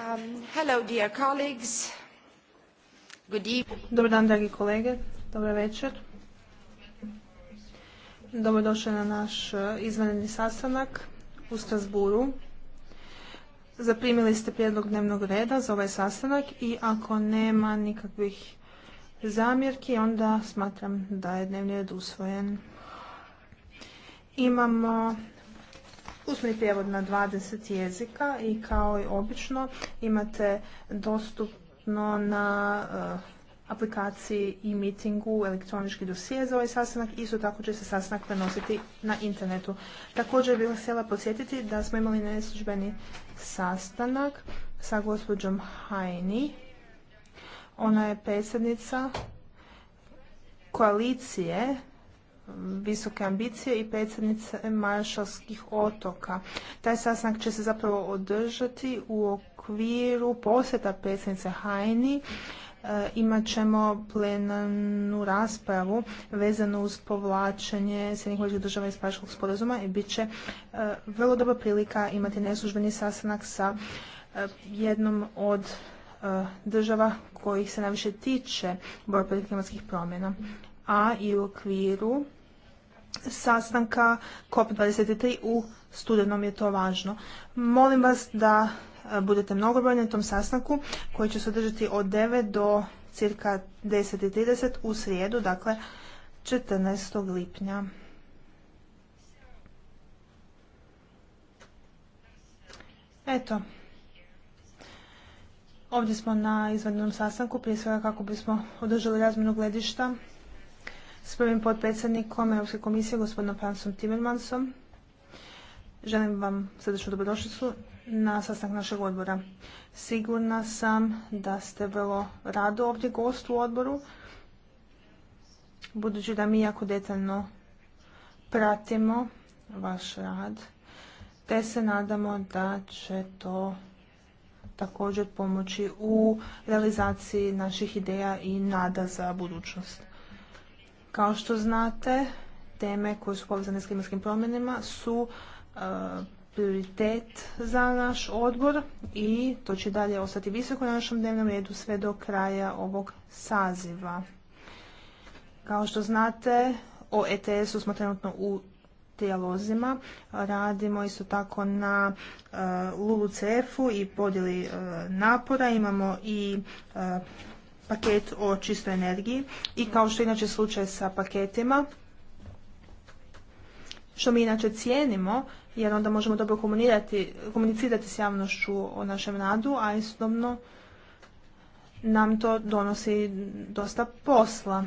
Um, Dobar dan, dragi kolege. Dobar večer. Dobrodošli na naš uh, izvanredni sastanak u Strasburu. Zaprimili ste prijedlog dnevnog reda za ovaj sastanak i ako nema nikakvih zamjerki, onda smatram da je dnevni red usvojen. Imamo Usmeni prijevod na 20 jezika i kao i obično imate dostupno na eh, aplikaciji i mitingu elektronički dosije za ovaj sastanak. Isto tako će se sastanak prenositi na internetu. Također bih htjela podsjetiti da smo imali neslužbeni sastanak sa gospođom Hajni. Ona je predsjednica koalicije visoke ambicije i predsjednice Maršalskih otoka. Taj sastanak će se zapravo održati u okviru posjeta predsjednice Hajni. E, imat ćemo plenarnu raspravu vezanu uz povlačenje Sjedinjenih država iz Paškog sporazuma i bit će e, vrlo dobra prilika imati neslužbeni sastanak sa e, jednom od država kojih se najviše tiče borbe protiv klimatskih promjena a i u okviru sastanka COP23 u studenom je to važno. Molim vas da e, budete mnogobrojni na tom sastanku koji će se održati od 9 do cirka 10.30 u srijedu, dakle 14. lipnja. Eto, ovdje smo na izvanrednom sastanku, prije svega kako bismo održali razmjenu gledišta s prvim potpredsjednikom Europske komisije, gospodinom Fransom Timmermansom. Želim vam srdečnu dobrodošlicu na sastanak našeg odbora. Sigurna sam da ste vrlo rado ovdje gost u odboru, budući da mi jako detaljno pratimo vaš rad, te se nadamo da će to također pomoći u realizaciji naših ideja i nada za budućnost. Kao što znate, teme koje su povezane s klimatskim promjenama su e, prioritet za naš odbor i to će dalje ostati visoko na našem dnevnom redu sve do kraja ovog saziva. Kao što znate, o ETS-u smo trenutno u trijalozima. Radimo isto tako na e, lulu cf u i podjeli e, napora. Imamo i paket o čistoj energiji i kao što je inače slučaj sa paketima, što mi inače cijenimo, jer onda možemo dobro komunicirati s javnošću o našem radu, a istodobno nam to donosi dosta posla.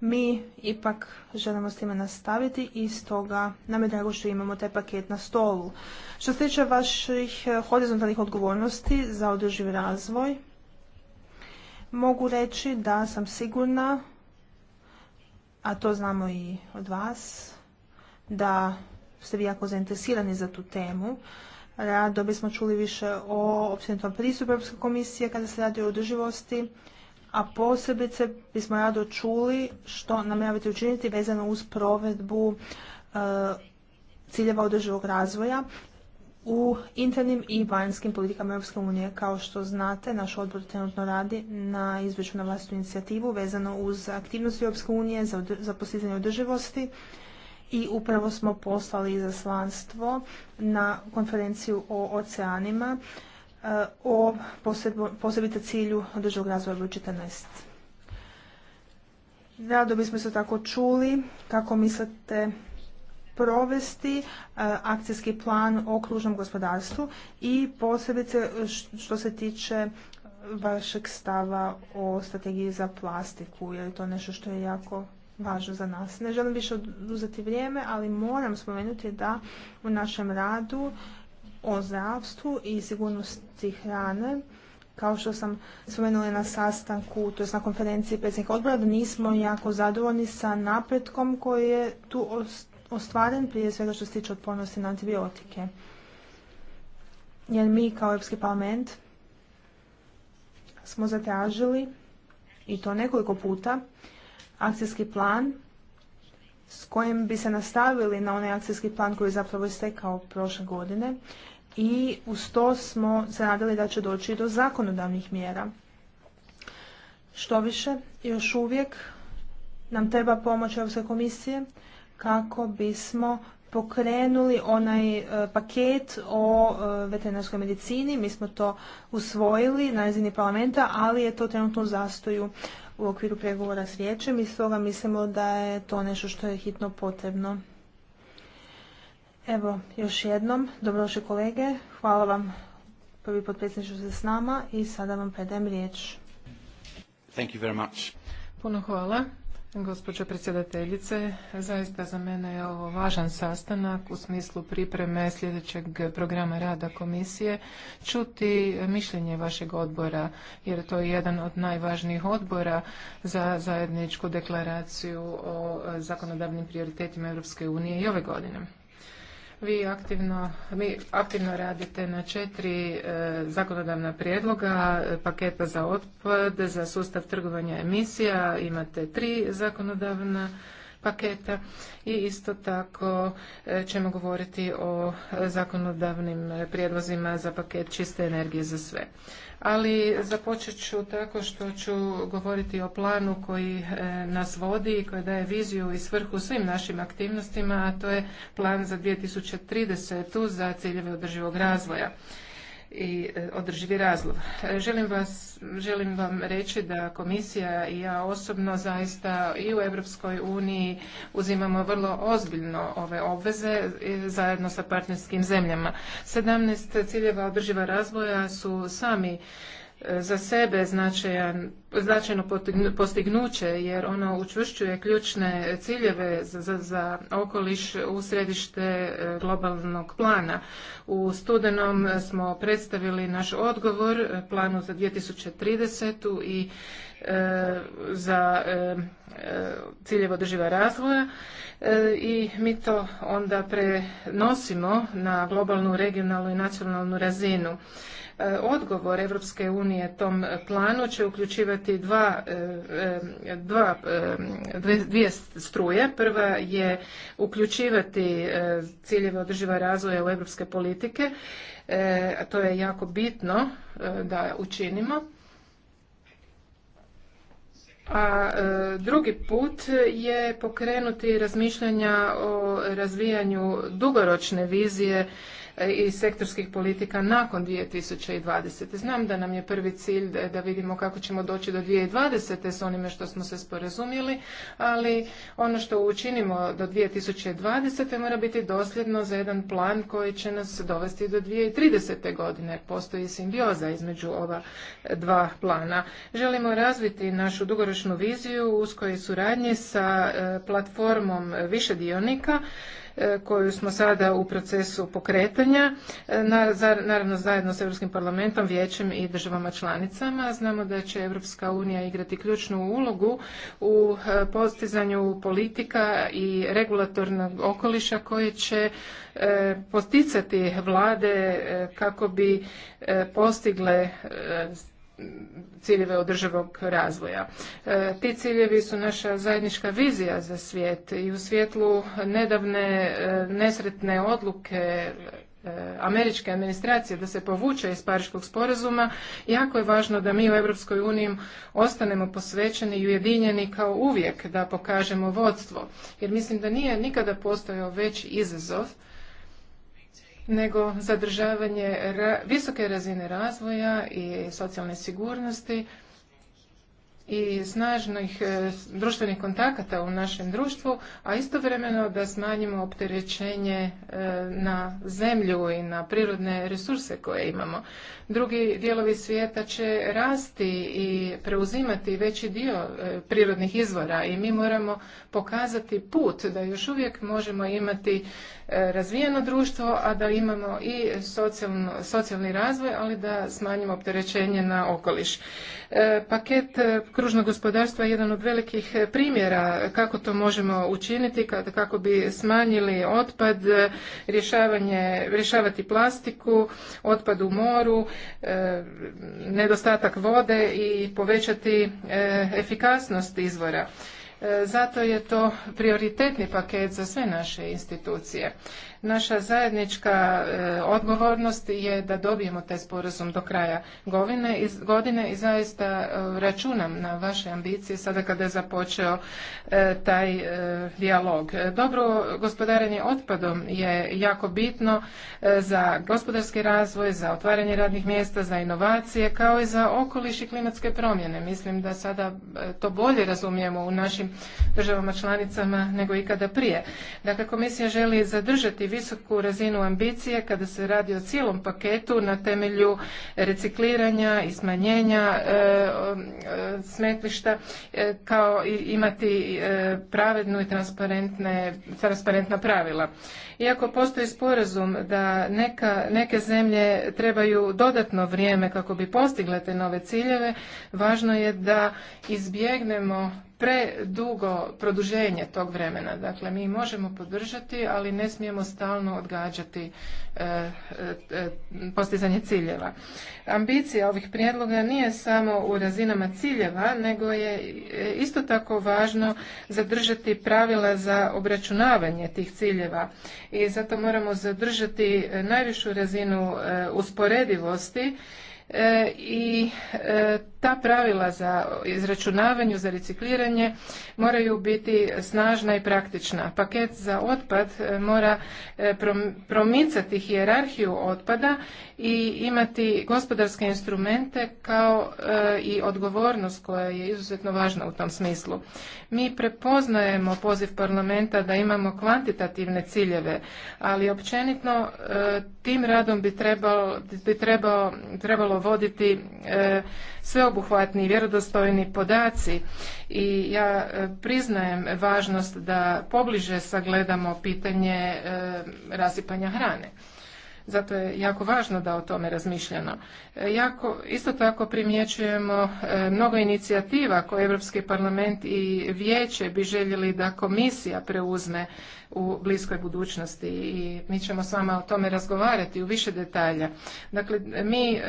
Mi ipak želimo s time nastaviti i stoga nam je drago što imamo taj paket na stolu. Što se tiče vaših horizontalnih odgovornosti za održiv razvoj, mogu reći da sam sigurna, a to znamo i od vas, da ste vi jako zainteresirani za tu temu. Rado bismo čuli više o općenitom pristupu Europske komisije kada se radi o održivosti, a posebice bismo rado čuli što namjeravate učiniti vezano uz provedbu e, ciljeva održivog razvoja u internim i vanjskim politikama Europske unije. Kao što znate, naš odbor trenutno radi na izvješću na vlastitu inicijativu vezano uz aktivnosti Europske unije za, postizanje održivosti i upravo smo poslali izaslanstvo na konferenciju o oceanima eh, o posebite cilju održivog razvoja broj 14. Rado bismo se tako čuli kako mislite provesti e, akcijski plan o kružnom gospodarstvu i posebice što se tiče vašeg stava o strategiji za plastiku, jer je to nešto što je jako važno za nas. Ne želim više oduzeti vrijeme, ali moram spomenuti da u našem radu o zdravstvu i sigurnosti hrane kao što sam spomenula na sastanku, to je na konferenciji predsjednika odbora, nismo jako zadovoljni sa napretkom koji je tu ostvaren prije svega što se tiče otpornosti na antibiotike. Jer mi kao Europski parlament smo zatražili i to nekoliko puta akcijski plan s kojim bi se nastavili na onaj akcijski plan koji je zapravo istekao prošle godine i uz to smo se nadali da će doći do zakonodavnih mjera. Što više, još uvijek nam treba pomoć Europske komisije kako bismo pokrenuli onaj e, paket o e, veterinarskoj medicini. Mi smo to usvojili na razini parlamenta, ali je to trenutno u zastoju u okviru pregovora s vijećem i stoga mislimo da je to nešto što je hitno potrebno. Evo, još jednom, dobrodošli kolege, hvala vam prvi potpredsjedniče što ste s nama i sada vam predajem riječ. Thank you very much. Puno hvala. Gospođo predsjedateljice, zaista za mene je ovo važan sastanak u smislu pripreme sljedećeg programa rada komisije. Čuti mišljenje vašeg odbora, jer to je jedan od najvažnijih odbora za zajedničku deklaraciju o zakonodavnim prioritetima Europske unije i ove godine. Vi aktivno, mi aktivno radite na četiri e, zakonodavna prijedloga, e, paketa za otpad, za sustav trgovanja emisija, imate tri zakonodavna paketa i isto tako e, ćemo govoriti o e, zakonodavnim e, prijedlozima za paket čiste energije za sve. Ali započet ću tako što ću govoriti o planu koji nas vodi i koji daje viziju i svrhu svim našim aktivnostima, a to je plan za 2030. za ciljeve održivog razvoja i e, održivi razlog. E, želim, vam reći da komisija i ja osobno zaista i u Europskoj uniji uzimamo vrlo ozbiljno ove obveze e, zajedno sa partnerskim zemljama. 17 ciljeva održiva razvoja su sami za sebe značajan, značajno postignuće jer ono učvršćuje ključne ciljeve za, za, okoliš u središte e, globalnog plana. U studenom smo predstavili naš odgovor e, planu za 2030. i e, za e, ciljeve održiva razvoja i mi to onda prenosimo na globalnu, regionalnu i nacionalnu razinu. E, odgovor Europske unije tom planu će uključivati dva, e, e, dva, dvije struje. Prva je uključivati ciljeve održiva razvoja u europske politike. A to je jako bitno da učinimo. A drugi put je pokrenuti razmišljanja o razvijanju dugoročne vizije i sektorskih politika nakon 2020. Znam da nam je prvi cilj da vidimo kako ćemo doći do 2020. s onime što smo se sporazumjeli, ali ono što učinimo do 2020. mora biti dosljedno za jedan plan koji će nas dovesti do 2030. godine, postoji simbioza između ova dva plana. Želimo razviti našu dugoročnu viziju uskoj suradnji sa e, platformom više dionika E, koju smo sada u procesu pokretanja, e, naravno zajedno s Europskim parlamentom, vijećem i državama članicama. Znamo da će Europska unija igrati ključnu ulogu u e, postizanju politika i regulatornog okoliša koje će posticati vlade kako bi postigle ciljeve održivog razvoja. E, ti ciljevi su naša zajednička vizija za svijet i u svjetlu nedavne e, nesretne odluke e, američke administracije da se povuče iz Pariškog sporazuma, jako je važno da mi u Europskoj uniji ostanemo posvećeni i ujedinjeni kao uvijek da pokažemo vodstvo. Jer mislim da nije nikada postojao veći izazov nego zadržavanje visoke razine razvoja i socijalne sigurnosti i snažnih e, društvenih kontakata u našem društvu, a istovremeno da smanjimo opterećenje e, na zemlju i na prirodne resurse koje imamo. Drugi dijelovi svijeta će rasti i preuzimati veći dio e, prirodnih izvora i mi moramo pokazati put da još uvijek možemo imati razvijeno društvo, a da imamo i socijalni razvoj, ali da smanjimo opterećenje na okoliš. E, paket e, kružnog gospodarstva je jedan od velikih e, primjera kako to možemo učiniti, kako bi smanjili otpad, rješavanje, rješavati plastiku, otpad u moru, nedostatak vode i povećati efikasnost izvora. Zato je to prioritetni paket za sve naše institucije. Naša zajednička e, odgovornost je da dobijemo taj sporazum do kraja godine i zaista e, računam na vaše ambicije sada kada je započeo e, taj dijalog. Dobro gospodarenje otpadom je jako bitno za gospodarski razvoj, za otvaranje radnih mjesta, za inovacije, kao i za okoliš i klimatske promjene. Mislim da sada to bolje razumijemo u našim državama članicama nego ikada prije. Dakle, komisija želi zadržati visoku razinu ambicije kada se radi o cijelom paketu na temelju recikliranja i smanjenja e, e, smetlišta e, kao i imati pravednu i transparentna pravila. Iako postoji sporazum da neka, neke zemlje trebaju dodatno vrijeme kako bi postigle te nove ciljeve, važno je da izbjegnemo predugo produženje tog vremena. Dakle, mi možemo podržati, ali ne smijemo stalno odgađati e, e, e, postizanje ciljeva. Ambicija ovih prijedloga nije samo u razinama ciljeva, nego je isto tako važno zadržati pravila za obračunavanje tih ciljeva i zato moramo zadržati najvišu razinu usporedivosti E, i e, ta pravila za izračunavanje, za recikliranje moraju biti snažna i praktična. Paket za otpad e, mora promicati hijerarhiju otpada i imati gospodarske instrumente kao i odgovornost koja je izuzetno važna u tom smislu. Mi prepoznajemo poziv parlamenta da imamo kvantitativne ciljeve, ali općenito tim radom bi, trebalo, trebalo voditi e, sveobuhvatni i vjerodostojni podaci i ja e, priznajem važnost da pobliže sagledamo pitanje e, rasipanja hrane. Zato je jako važno da o tome razmišljamo. Jako, isto tako primjećujemo mnogo inicijativa koje Europski parlament i vijeće bi željeli da komisija preuzme u bliskoj budućnosti i mi ćemo s vama o tome razgovarati u više detalja. Dakle, mi e,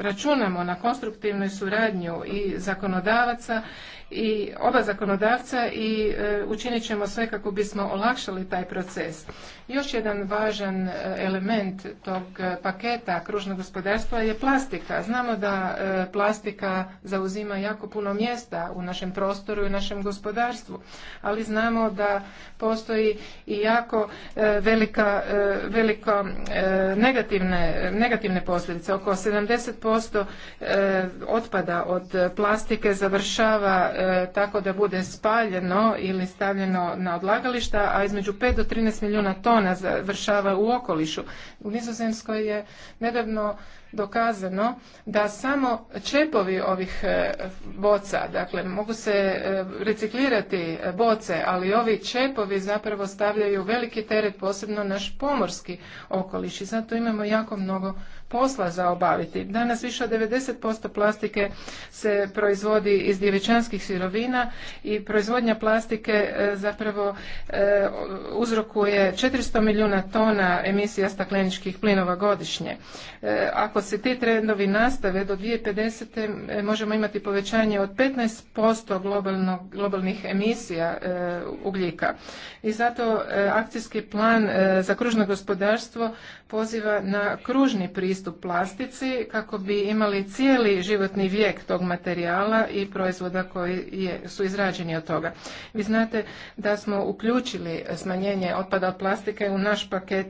računamo na konstruktivnu suradnju i zakonodavaca i oba zakonodavca i e, učinit ćemo sve kako bismo olakšali taj proces. Još jedan važan e, element tog paketa kružnog gospodarstva je plastika. Znamo da plastika zauzima jako puno mjesta u našem prostoru i našem gospodarstvu, ali znamo da postoji i jako e, velika, e, veliko e, negativne, negativne posljedice. Oko 70% otpada od plastike završava tako da bude spaljeno ili stavljeno na odlagališta, a između 5 do 13 milijuna tona završava u okolišu. U Nizozemskoj je nedavno dokazano da samo čepovi ovih e, boca, dakle mogu se e, reciklirati e, boce, ali ovi čepovi zapravo stavljaju veliki teret posebno naš pomorski okoliš i zato imamo jako mnogo posla za obaviti. Danas više od 90% plastike se proizvodi iz djevičanskih sirovina i proizvodnja plastike e, zapravo e, uzrokuje 400 milijuna tona emisija stakleničkih plinova godišnje. E, ako se ti trendovi nastave do 2050. možemo imati povećanje od 15% globalnih emisija ugljika. I zato akcijski plan za kružno gospodarstvo poziva na kružni pristup pristup plastici kako bi imali cijeli životni vijek tog materijala i proizvoda koji je, su izrađeni od toga. Vi znate da smo uključili smanjenje otpada od plastike u naš paket.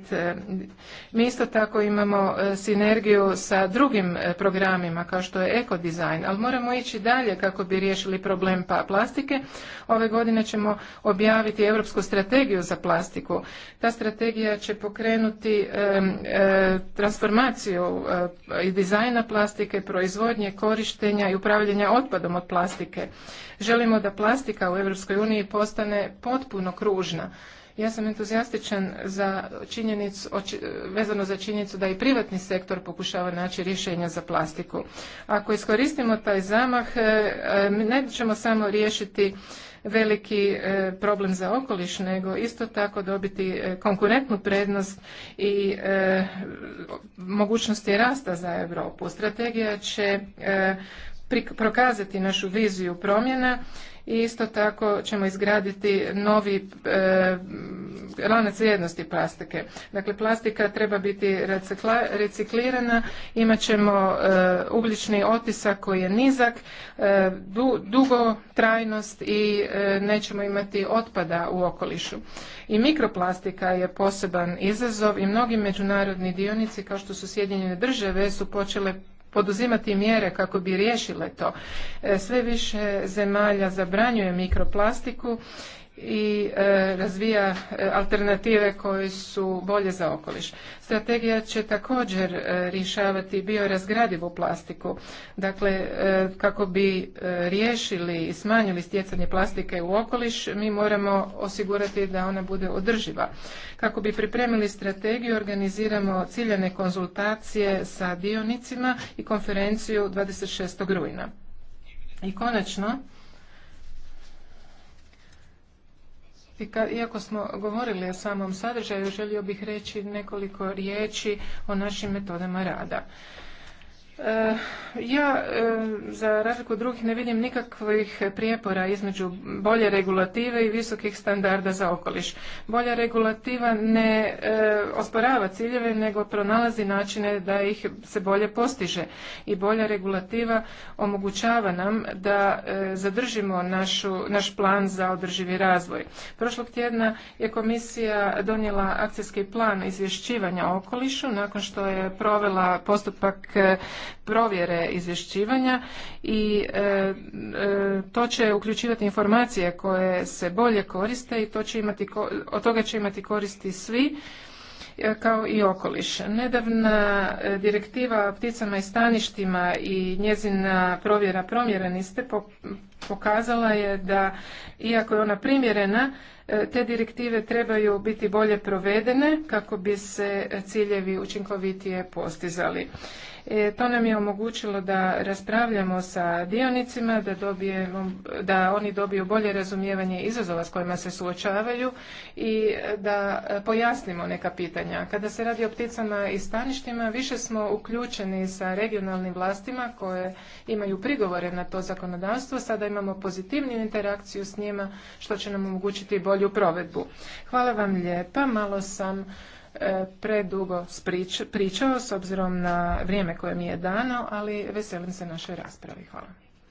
Mi isto tako imamo e, sinergiju sa drugim e, programima kao što je ekodizajn, ali moramo ići dalje kako bi riješili problem pa-, plastike. Ove godine ćemo objaviti Europsku strategiju za plastiku. Ta strategija će pokrenuti e, transformaciju E, i dizajna plastike, proizvodnje, korištenja i upravljanja otpadom od plastike. Želimo da plastika u EU postane potpuno kružna. Ja sam entuzijastičan za činjenicu, vezano za činjenicu da i privatni sektor pokušava naći rješenja za plastiku. Ako iskoristimo taj zamah, e, e, ne ćemo samo riješiti veliki e, problem za okoliš, nego isto tako dobiti e, konkurentnu prednost i e, mogućnosti rasta za Europu. Strategija će prokazati našu viziju promjena i isto tako ćemo izgraditi novi e, lanac vrijednosti plastike. Dakle, plastika treba biti reciklirana, imat ćemo e, ugljični otisak koji je nizak, e, dugo trajnost i e, nećemo imati otpada u okolišu. I mikroplastika je poseban izazov i mnogi međunarodni dionici kao što su Sjedinjene države su počele poduzimati mjere kako bi riješile to. E, sve više zemalja zabranjuje mikroplastiku i e, razvija e, alternative koje su bolje za okoliš. Strategija će također e, rješavati biorazgradivu plastiku. Dakle, kako bi riješili i smanjili stjecanje plastike u okoliš, mi moramo osigurati da ona bude održiva. Kako bi pripremili strategiju, organiziramo ciljane konzultacije sa dionicima i konferenciju 26. rujna. I konačno, Iako smo govorili o samom sadržaju, želio bih reći nekoliko riječi o našim metodama rada. Eh, ja, eh, za razliku od drugih, ne vidim nikakvih prijepora između bolje regulative i visokih standarda za okoliš. Bolja regulativa ne eh, osporava ciljeve, nego pronalazi načine da ih se bolje postiže. I bolja regulativa omogućava nam da zadržimo naš plan za održivi razvoj. Prošlog tjedna je komisija donijela akcijski plan izvješćivanja okolišu nakon što je provela postupak provjere izvješćivanja i e, e, to će uključivati informacije koje se bolje koriste i to će imati, od toga će imati koristi svi e, kao i okoliš. Nedavna direktiva o pticama i staništima i njezina provjera promjera niste pokazala je da, iako je ona primjerena, e, te direktive trebaju biti bolje provedene kako bi se ciljevi učinkovitije postizali. E, to nam je omogućilo da raspravljamo sa dionicima, da, dobijemo, da oni dobiju bolje razumijevanje izazova s kojima se suočavaju i e, da pojasnimo neka pitanja. Kada se radi o pticama i staništima, više smo uključeni sa regionalnim vlastima koje imaju prigovore na to zakonodavstvo. Sada imamo pozitivniju interakciju s njima što će nam omogućiti bolju provedbu. Hvala vam lijepa, malo sam e, predugo pričao s obzirom na vrijeme koje mi je dano, ali veselim se našoj raspravi. Hvala.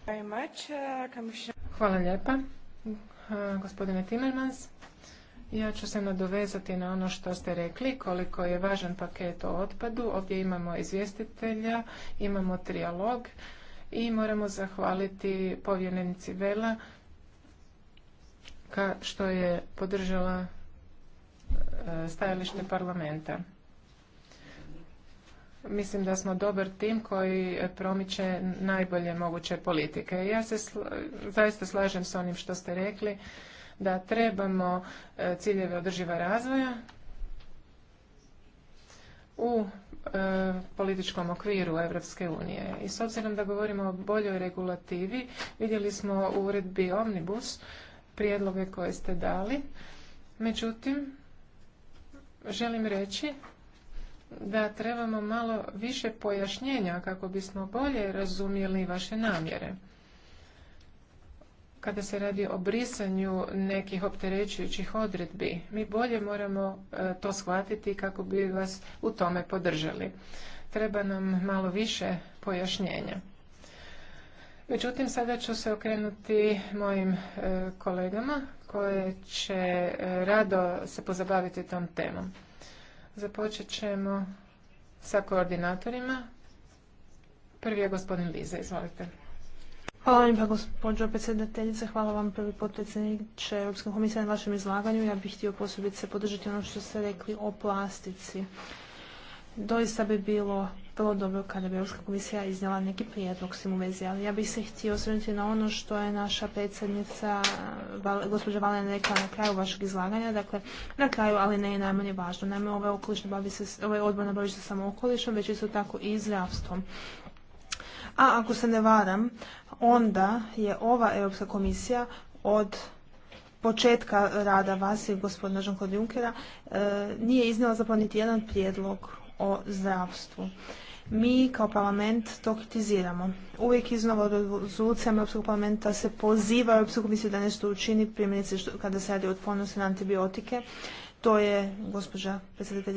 Uh, Hvala lijepa, uh, gospodine Timmermans. Ja ću se nadovezati na ono što ste rekli, koliko je važan paket o otpadu. Ovdje imamo izvjestitelja, imamo trijalog i moramo zahvaliti povjerenici Vela ka što je podržala e, stajalište parlamenta. Mislim da smo dobar tim koji promiče najbolje moguće politike. Ja se zaista slažem s onim što ste rekli da trebamo e, ciljeve održiva razvoja u E, političkom okviru Europske unije. I s obzirom da govorimo o boljoj regulativi, vidjeli smo u uredbi Omnibus prijedloge koje ste dali. Međutim, želim reći da trebamo malo više pojašnjenja kako bismo bolje razumjeli vaše namjere kada se radi o brisanju nekih opterećujućih odredbi. Mi bolje moramo e, to shvatiti kako bi vas u tome podržali. Treba nam malo više pojašnjenja. Međutim, sada ću se okrenuti mojim e, kolegama koje će e, rado se pozabaviti tom temom. Započet ćemo sa koordinatorima. Prvi je gospodin Liza, izvolite. Hvala vam gospođo predsjedateljice, hvala vam prvi potpredsjedniče Europske komisije na vašem izlaganju. Ja bih htio posebice podržati ono što ste rekli o plastici. Doista bi bilo vrlo dobro kada bi Europska komisija iznijela neki prijedlog s tim u vezi, ali ja bih se htio osvrnuti na ono što je naša predsjednica, gospođa Valena rekla na kraju vašeg izlaganja, dakle na kraju, ali ne je najmanje važno. Naime, ovaj, okoliš bavi se, ovaj odbor ne bavi se samo okolišom, već isto tako i zdravstvom. A ako se ne varam, onda je ova Europska komisija od početka rada vas i gospodina jean Junckera e, nije iznijela zapravo niti jedan prijedlog o zdravstvu. Mi kao parlament to kritiziramo. Uvijek iznova Europskog parlamenta se poziva Europsku komisiju da nešto učini, primjerice kada se radi o otpornosti na antibiotike. To je gospođa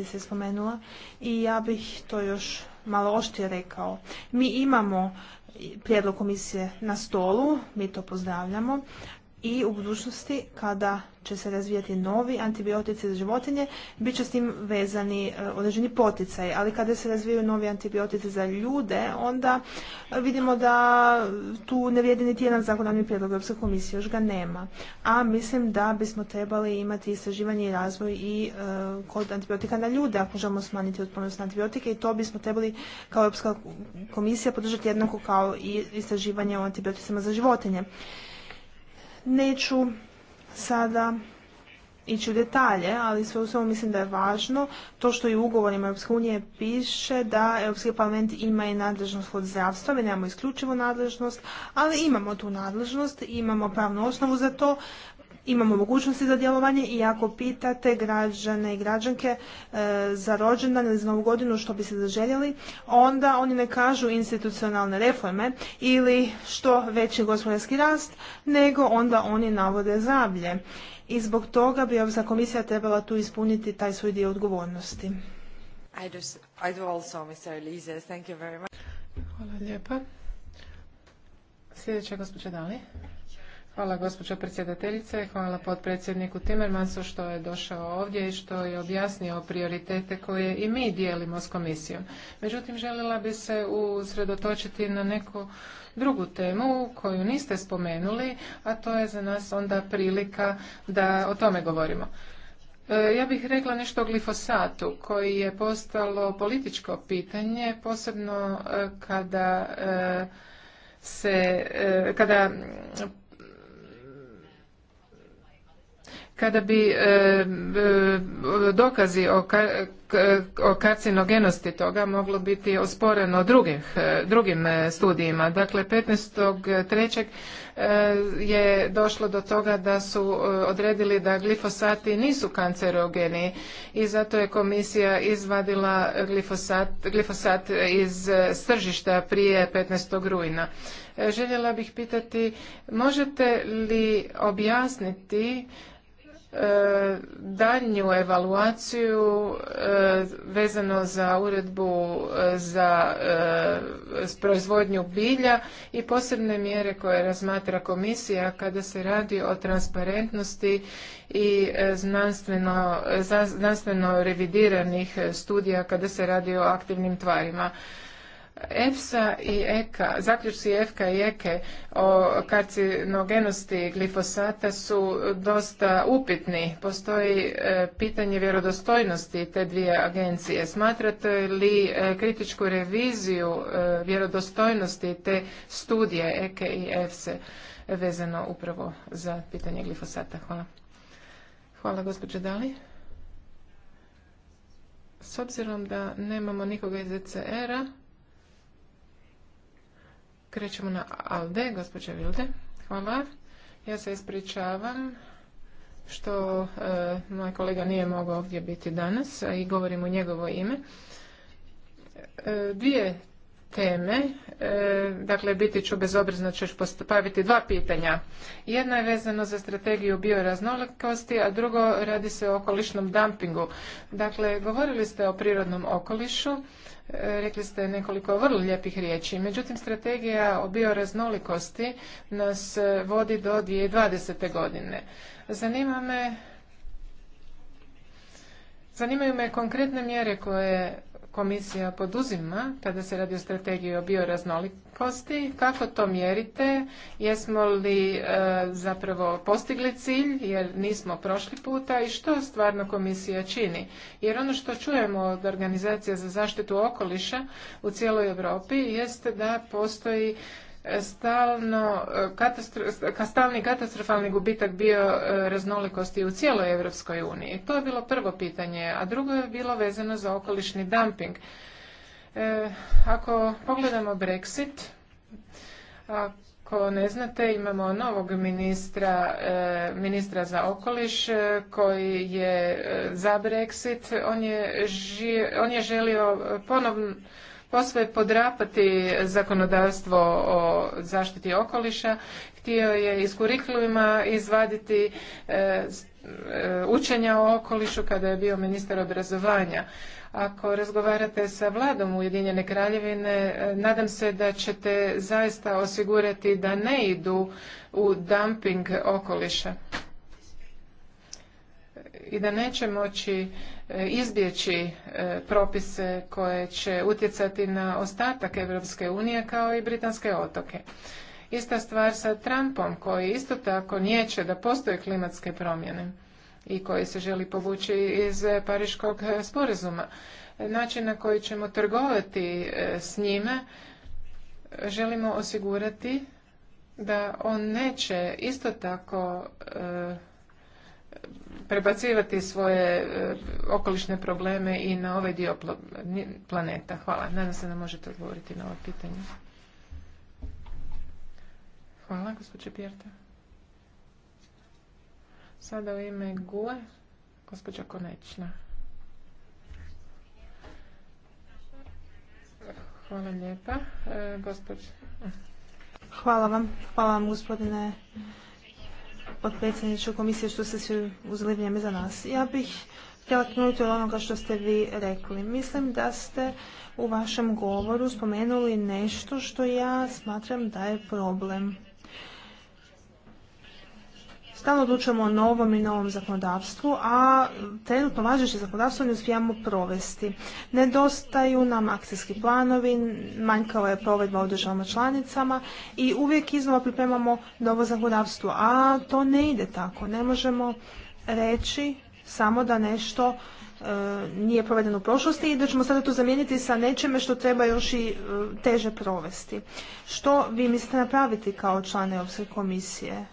se spomenula i ja bih to još malo oštije rekao. Mi imamo prijedlog komisije na stolu, mi to pozdravljamo, i u budućnosti kada će se razvijati novi antibiotici za životinje, bit će s tim vezani e, određeni poticaj. Ali kada se razvijaju novi antibiotici za ljude, onda vidimo da tu ne vrijedi niti jedan zakonodavni prijedlog Europske komisije, još ga nema. A mislim da bismo trebali imati istraživanje i razvoj i e, kod antibiotika na ljude, ako želimo smanjiti otpornost na antibiotike i to bismo trebali kao Europska komisija podržati jednako kao i istraživanje o antibioticima za životinje. Neću sada ići u detalje, ali sve u svemu mislim da je važno to što i u ugovorima Europske unije piše da Europski parlament ima i nadležnost od zdravstva, mi nemamo isključivu nadležnost, ali imamo tu nadležnost, imamo pravnu osnovu za to, imamo mogućnosti za djelovanje i ako pitate građane i građanke e, za rođendan ili za novu godinu što bi se zaželjeli, onda oni ne kažu institucionalne reforme ili što veći gospodarski rast, nego onda oni navode zablje. I zbog toga bi Europska komisija trebala tu ispuniti taj svoj dio odgovornosti. I Hvala lijepa. Sljedeća gospođa Dali. Hvala gospođo predsjedateljice, hvala potpredsjedniku Timmermansu što je došao ovdje i što je objasnio prioritete koje i mi dijelimo s komisijom. Međutim, željela bi se usredotočiti na neku drugu temu koju niste spomenuli, a to je za nas onda prilika da o tome govorimo. E, ja bih rekla nešto o glifosatu koji je postalo političko pitanje, posebno e, kada e, se, kada Kada bi e, e, dokazi o karcinogenosti toga moglo biti osporeno drugim e, studijima. Dakle, 15.3. je došlo do toga da su odredili da glifosati nisu kancerogeni i zato je komisija izvadila glifosat, glifosat iz stržišta prije 15. rujna. Željela bih pitati, možete li objasniti E, daljnju evaluaciju e, vezano za uredbu e, za proizvodnju bilja i posebne mjere koje razmatra komisija kada se radi o transparentnosti i znanstveno, znanstveno revidiranih studija kada se radi o aktivnim tvarima. EFSA i EKA, zaključci EFKA i EKE o karcinogenosti glifosata su dosta upitni. Postoji e, pitanje vjerodostojnosti te dvije agencije. Smatrate li e, kritičku reviziju e, vjerodostojnosti te studije EKE i EFSE vezano upravo za pitanje glifosata? Hvala. Hvala gospođo Dali. S obzirom da nemamo nikoga iz ECR-a, Krećemo na Alde, gospođa Vilde. Hvala. Ja se ispričavam što e, moj kolega nije mogao ovdje biti danas i govorim u njegovo ime. E, dvije teme, e, dakle biti ću bezobrazno ćeš postaviti dva pitanja. Jedno je vezano za strategiju bioraznolikosti, a drugo radi se o okolišnom dumpingu. Dakle, govorili ste o prirodnom okolišu, E, rekli ste nekoliko vrlo lijepih riječi. Međutim, strategija o bioraznolikosti nas vodi do 2020. godine. Zanima me Zanimaju me konkretne mjere koje komisija poduzima kada se radi o strategiji o bioraznolikosti, kako to mjerite, jesmo li e, zapravo postigli cilj jer nismo prošli puta i što stvarno komisija čini. Jer ono što čujemo od organizacija za zaštitu okoliša u cijeloj Europi jeste da postoji stalno, e, stalni katastrofalni gubitak bio e, raznolikosti u cijeloj Europskoj uniji. To je bilo prvo pitanje, a drugo je bilo vezano za okolišni dumping. E, ako pogledamo Brexit, ako ne znate, imamo novog ministra, ministra za okoliš koji je za Brexit. On je, on je želio ponovno posve podrapati zakonodavstvo o zaštiti okoliša, htio je iz kurikulima izvaditi e, e, učenja o okolišu kada je bio ministar obrazovanja. Ako razgovarate sa vladom Ujedinjene kraljevine, e, nadam se da ćete zaista osigurati da ne idu u dumping okoliša i da neće moći e, izbjeći e, propise koje će utjecati na ostatak Europske unije kao i britanske otoke. Ista stvar sa Trumpom koji isto tako nijeće da postoje klimatske promjene i koji se želi povući iz e, Pariškog sporazuma. Način na koji ćemo trgovati s njime želimo osigurati da on neće isto tako prebacivati svoje e, okolišne probleme i na ovaj dio planeta? Hvala. Nadam se da možete odgovoriti na ova pitanja. Hvala, gospođe Pjerta. Sada u ime Gule, gospođa Konečna. Hvala lijepa. E, gospođa. Hvala vam. Hvala vam, gospodine potpredsjedniče komisije što ste se uzeli vrijeme za nas. Ja bih htjela krenuti od onoga što ste vi rekli. Mislim da ste u vašem govoru spomenuli nešto što ja smatram da je problem stalno odlučujemo o novom i novom zakonodavstvu, a trenutno važeće zakonodavstvo ne uspijamo provesti. Nedostaju nam akcijski planovi, manjkava je provedba u državama članicama i uvijek iznova pripremamo novo zakonodavstvo, a to ne ide tako. Ne možemo reći samo da nešto e, nije provedeno u prošlosti i da ćemo sada to zamijeniti sa nečime što treba još i e, teže provesti. Što vi mislite napraviti kao član Europske komisije?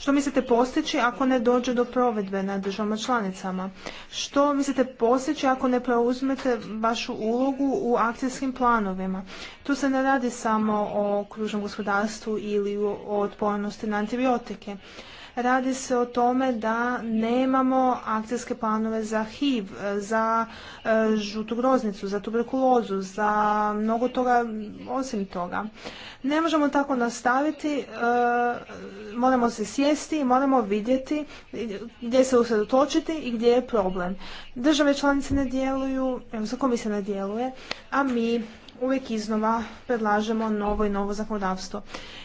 Što mislite postići ako ne dođe do provedbe na državama članicama? Što mislite postići ako ne preuzmete vašu ulogu u akcijskim planovima? Tu se ne radi samo o kružnom gospodarstvu ili o otpornosti na antibiotike. Radi se o tome da nemamo akcijske planove za HIV, za e, žutu groznicu, za tuberkulozu, za mnogo toga osim toga. Ne možemo tako nastaviti, e, moramo se sjesti i moramo vidjeti gdje se usredotočiti i gdje je problem. Države članice ne djeluju, mi komisija ne djeluje, a mi uvijek iznova predlažemo novo i novo zakonodavstvo.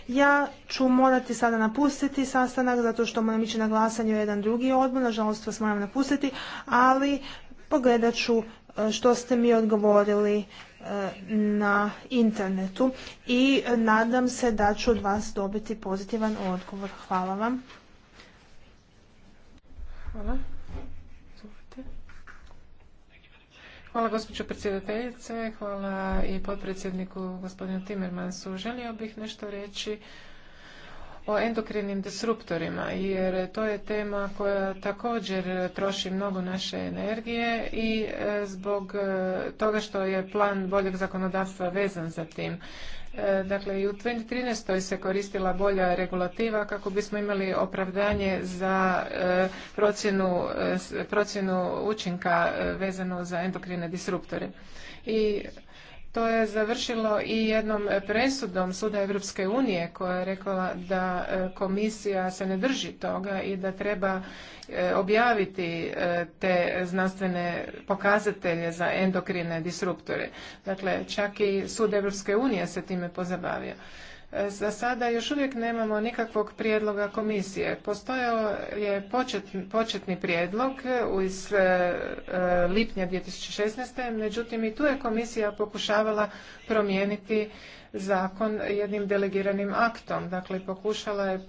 Ja ću morati sada napustiti sastanak zato što moram ići na glasanje jedan drugi odbor, nažalost vas moram napustiti, ali pogledat ću e, što ste mi odgovorili e, na internetu i nadam se da ću od vas dobiti pozitivan odgovor. Hvala vam. Hvala. Hvala gospođo predsjedateljice, hvala i potpredsjedniku gospodinu Timmermansu. Želio bih nešto reći o endokrinim disruptorima jer to je tema koja također troši mnogo naše energije i e, zbog e, toga što je plan boljeg zakonodavstva vezan za tim. E, dakle, i u 2013. se koristila bolja regulativa kako bismo imali opravdanje za procjenu, procjenu učinka vezano za endokrine disruptore. I to je završilo i jednom presudom Suda Europske unije koja je rekla da e, komisija se ne drži toga i da treba e, objaviti e, te znanstvene pokazatelje za endokrine disruptore. Dakle, čak i Sud Europske unije se time pozabavio. Za sada još uvijek nemamo nikakvog prijedloga komisije. Postojao je početni, prijedlog iz e, e, lipnja 2016. Međutim, i tu je komisija pokušavala promijeniti zakon jednim delegiranim aktom. Dakle, pokušala je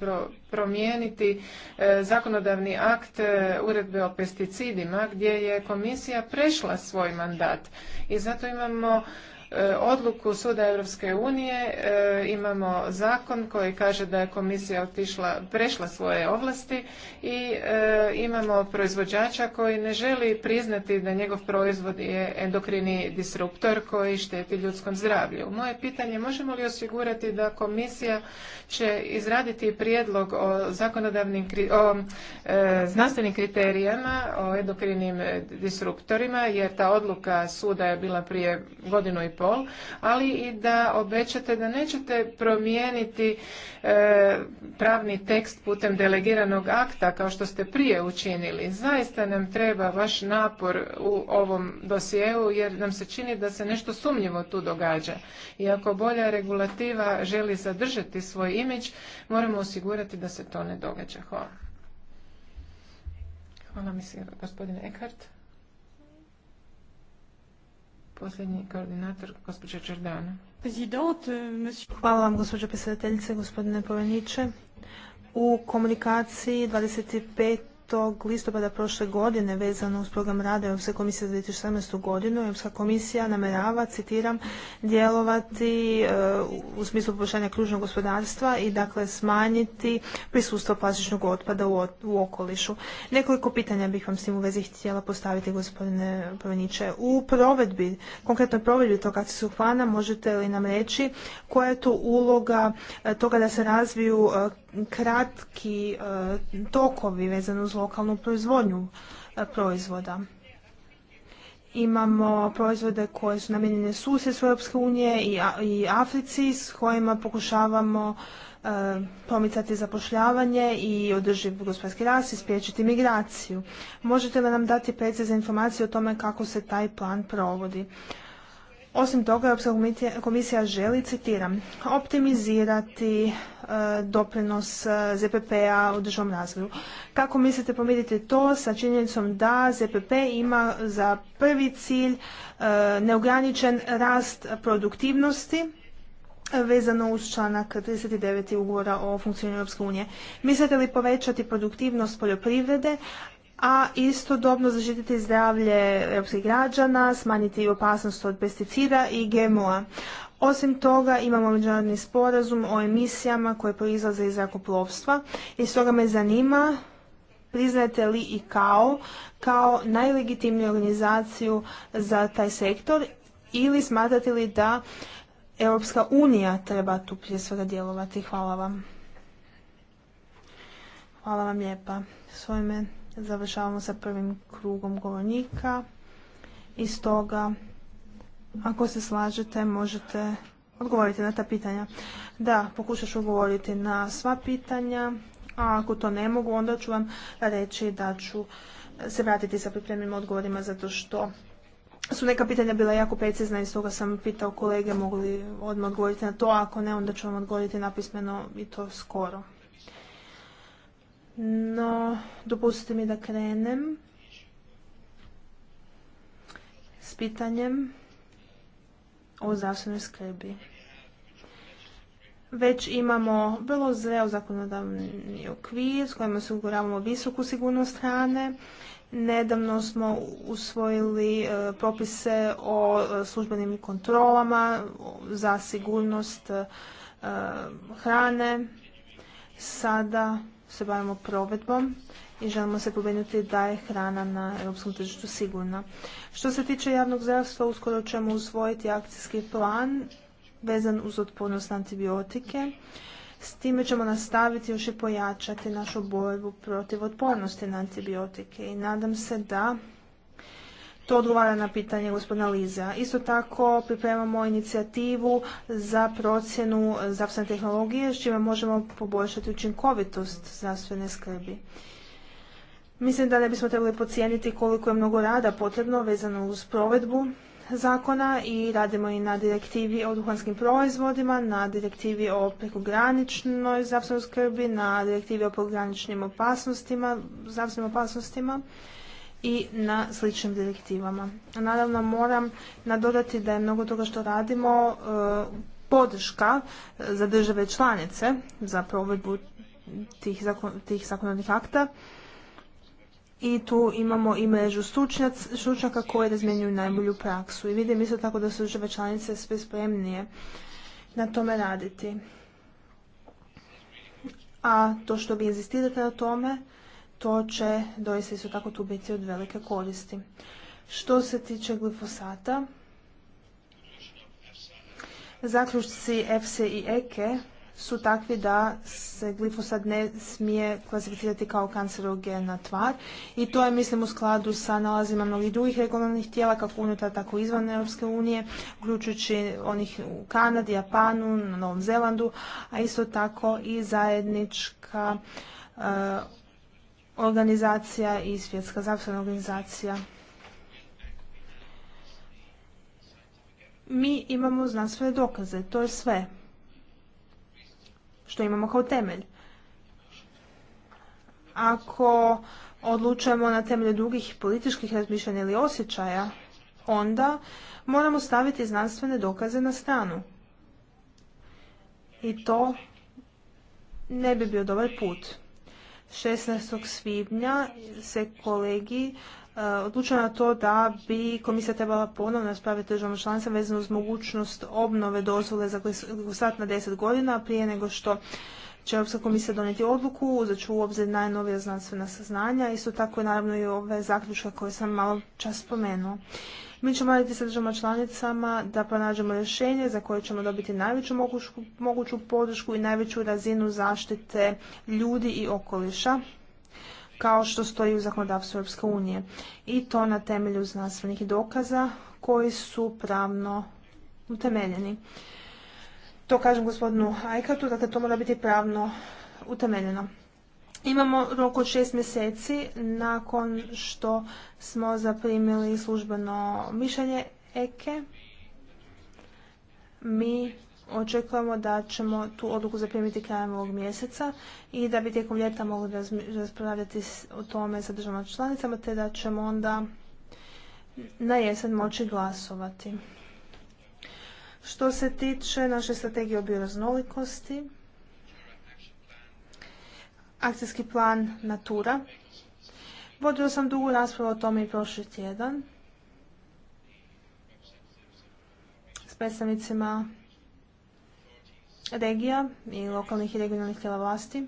promijeniti e, zakonodavni akt uredbe o pesticidima gdje je komisija prešla svoj mandat. I zato imamo E, odluku Suda Europske unije e, imamo zakon koji kaže da je komisija otišla, prešla svoje ovlasti i e, imamo proizvođača koji ne želi priznati da njegov proizvod je endokrini disruptor koji šteti ljudskom zdravlju. Moje pitanje možemo li osigurati da komisija će izraditi prijedlog o zakonodavnim o znanstvenim kriterijama o endokrinim disruptorima jer ta odluka suda je bila prije godinu i pol ali i da obećate da nećete promijeniti e, pravni tekst putem delegiranog akta kao što ste prije učinili. Zaista nam treba vaš napor u ovom dosjeu jer nam se čini da se nešto sumnjivo tu događa. I ako bolja regulativa želi zadržati svoj imidž, moramo osigurati da se to ne događa. Hvala. Hvala mi se, gospodine Eckhart. Posljednji koordinator, gospođa Čerdana. E, Hvala vam, gospođa predsjedateljice, gospodine poveniče. U komunikaciji 25 listopada prošle godine vezano uz program rada Europske komisije za 2017. godinu. Europska komisija namjerava, citiram, djelovati e, u smislu poboljšanja kružnog gospodarstva i dakle smanjiti prisustvo plastičnog otpada u, okolišu. Nekoliko pitanja bih vam s tim u vezi htjela postaviti, gospodine Prveniće. U provedbi, konkretno provedbi tog akcijskog plana, možete li nam reći koja je to uloga e, toga da se razviju e, kratki e, tokovi vezani uz lokalnu proizvodnju e, proizvoda. Imamo proizvode koje su namijenjene susjedstvu Europske unije i Africi s kojima pokušavamo e, promicati zapošljavanje i održiv gospodarski rast i spriječiti migraciju. Možete li nam dati precizne informacije o tome kako se taj plan provodi? Osim toga, Europska komisija želi, citiram, optimizirati e, doprinos e, ZPP-a u državnom razvoju. Kako mislite pomiriti to sa činjenicom da ZPP ima za prvi cilj e, neograničen rast produktivnosti vezano uz članak 39. ugovora o funkcioniranju Europske unije. Mislite li povećati produktivnost poljoprivrede, a istodobno zaštititi zdravlje europskih građana, smanjiti opasnost od pesticida i GMO-a. Osim toga imamo međunarodni sporazum o emisijama koje proizlaze iz zrakoplovstva i stoga me zanima priznajete li i kao kao najlegitimniju organizaciju za taj sektor ili smatrate li da Europska unija treba tu prije svega djelovati? Hvala vam. Hvala vam lijepa završavamo sa prvim krugom govornika i stoga ako se slažete možete odgovoriti na ta pitanja. Da, pokušat ću odgovoriti na sva pitanja, a ako to ne mogu onda ću vam reći da ću se vratiti sa pripremnim odgovorima zato što su neka pitanja bila jako precizna i stoga sam pitao kolege mogu li odmah odgovoriti na to, a ako ne onda ću vam odgovoriti napismeno i to skoro. No, dopustite mi da krenem s pitanjem o zdravstvenoj skrbi. Već imamo vrlo zreo zakonodavni okvir s kojima osiguravamo visoku sigurnost hrane. Nedavno smo usvojili e, propise o e, službenim kontrolama za sigurnost e, hrane. Sada se bavimo provedbom i želimo se pobrinuti da je hrana na europskom tržištu sigurna. Što se tiče javnog zdravstva, uskoro ćemo usvojiti akcijski plan vezan uz otpornost na antibiotike. S time ćemo nastaviti još i pojačati našu borbu protiv otpornosti na antibiotike i nadam se da to odgovara na pitanje gospodina Liza. Isto tako pripremamo inicijativu za procjenu zdravstvene tehnologije s čime možemo poboljšati učinkovitost zdravstvene skrbi. Mislim da ne bismo trebali pocijeniti koliko je mnogo rada potrebno vezano uz provedbu zakona i radimo i na direktivi o duhanskim proizvodima, na direktivi o prekograničnoj zdravstvenoj skrbi, na direktivi o prekograničnim opasnostima, zdravstvenim opasnostima i na sličnim direktivama. Naravno moram nadodati da je mnogo toga što radimo e, podrška e, za države članice za provedbu tih, zakon, zakonodnih akta i tu imamo i mrežu stručnjaka koje razmjenjuju najbolju praksu. I vidim isto tako da su države članice sve spremnije na tome raditi. A to što vi inzistirate na tome to će doista isto tako tu biti od velike koristi. Što se tiče glifosata, zaključci EFSE i EKE su takvi da se glifosat ne smije klasificirati kao kancerogena tvar i to je mislim u skladu sa nalazima mnogih drugih regionalnih tijela kako unutar tako izvan Europske unije, uključujući onih u Kanadi, Japanu, Novom Zelandu, a isto tako i zajednička e, organizacija i svjetska zdravstvena organizacija. Mi imamo znanstvene dokaze, to je sve što imamo kao temelj. Ako odlučujemo na temelju drugih političkih razmišljanja ili osjećaja, onda moramo staviti znanstvene dokaze na stranu. I to ne bi bio dobar put. 16. svibnja se kolegi e, na to da bi komisija trebala ponovno raspraviti državno članstvo vezano uz mogućnost obnove dozvole za glifosat na 10 godina prije nego što će Europska komisija donijeti odluku, uzet ću u obzir najnovija znanstvena saznanja, isto tako naravno i ove zaključke koje sam malo čas spomenuo. Mi ćemo raditi sa državama članicama da pronađemo rješenje za koje ćemo dobiti najveću moguću, podršku i najveću razinu zaštite ljudi i okoliša kao što stoji u zakonodavstvu Europske unije. I to na temelju znanstvenih dokaza koji su pravno utemeljeni. To kažem gospodinu Ajkatu, dakle to mora biti pravno utemeljeno. Imamo rok od šest mjeseci nakon što smo zaprimili službeno mišljenje EKE. E. Mi očekujemo da ćemo tu odluku zaprimiti krajem ovog mjeseca i da bi tijekom ljeta mogli raspravljati o tome sa državama članicama te da ćemo onda na jesen moći glasovati. Što se tiče naše strategije o bioraznolikosti, akcijski plan Natura. Vodio sam dugu raspravu o tome i prošli tjedan s predstavnicima regija i lokalnih i regionalnih tijela vlasti.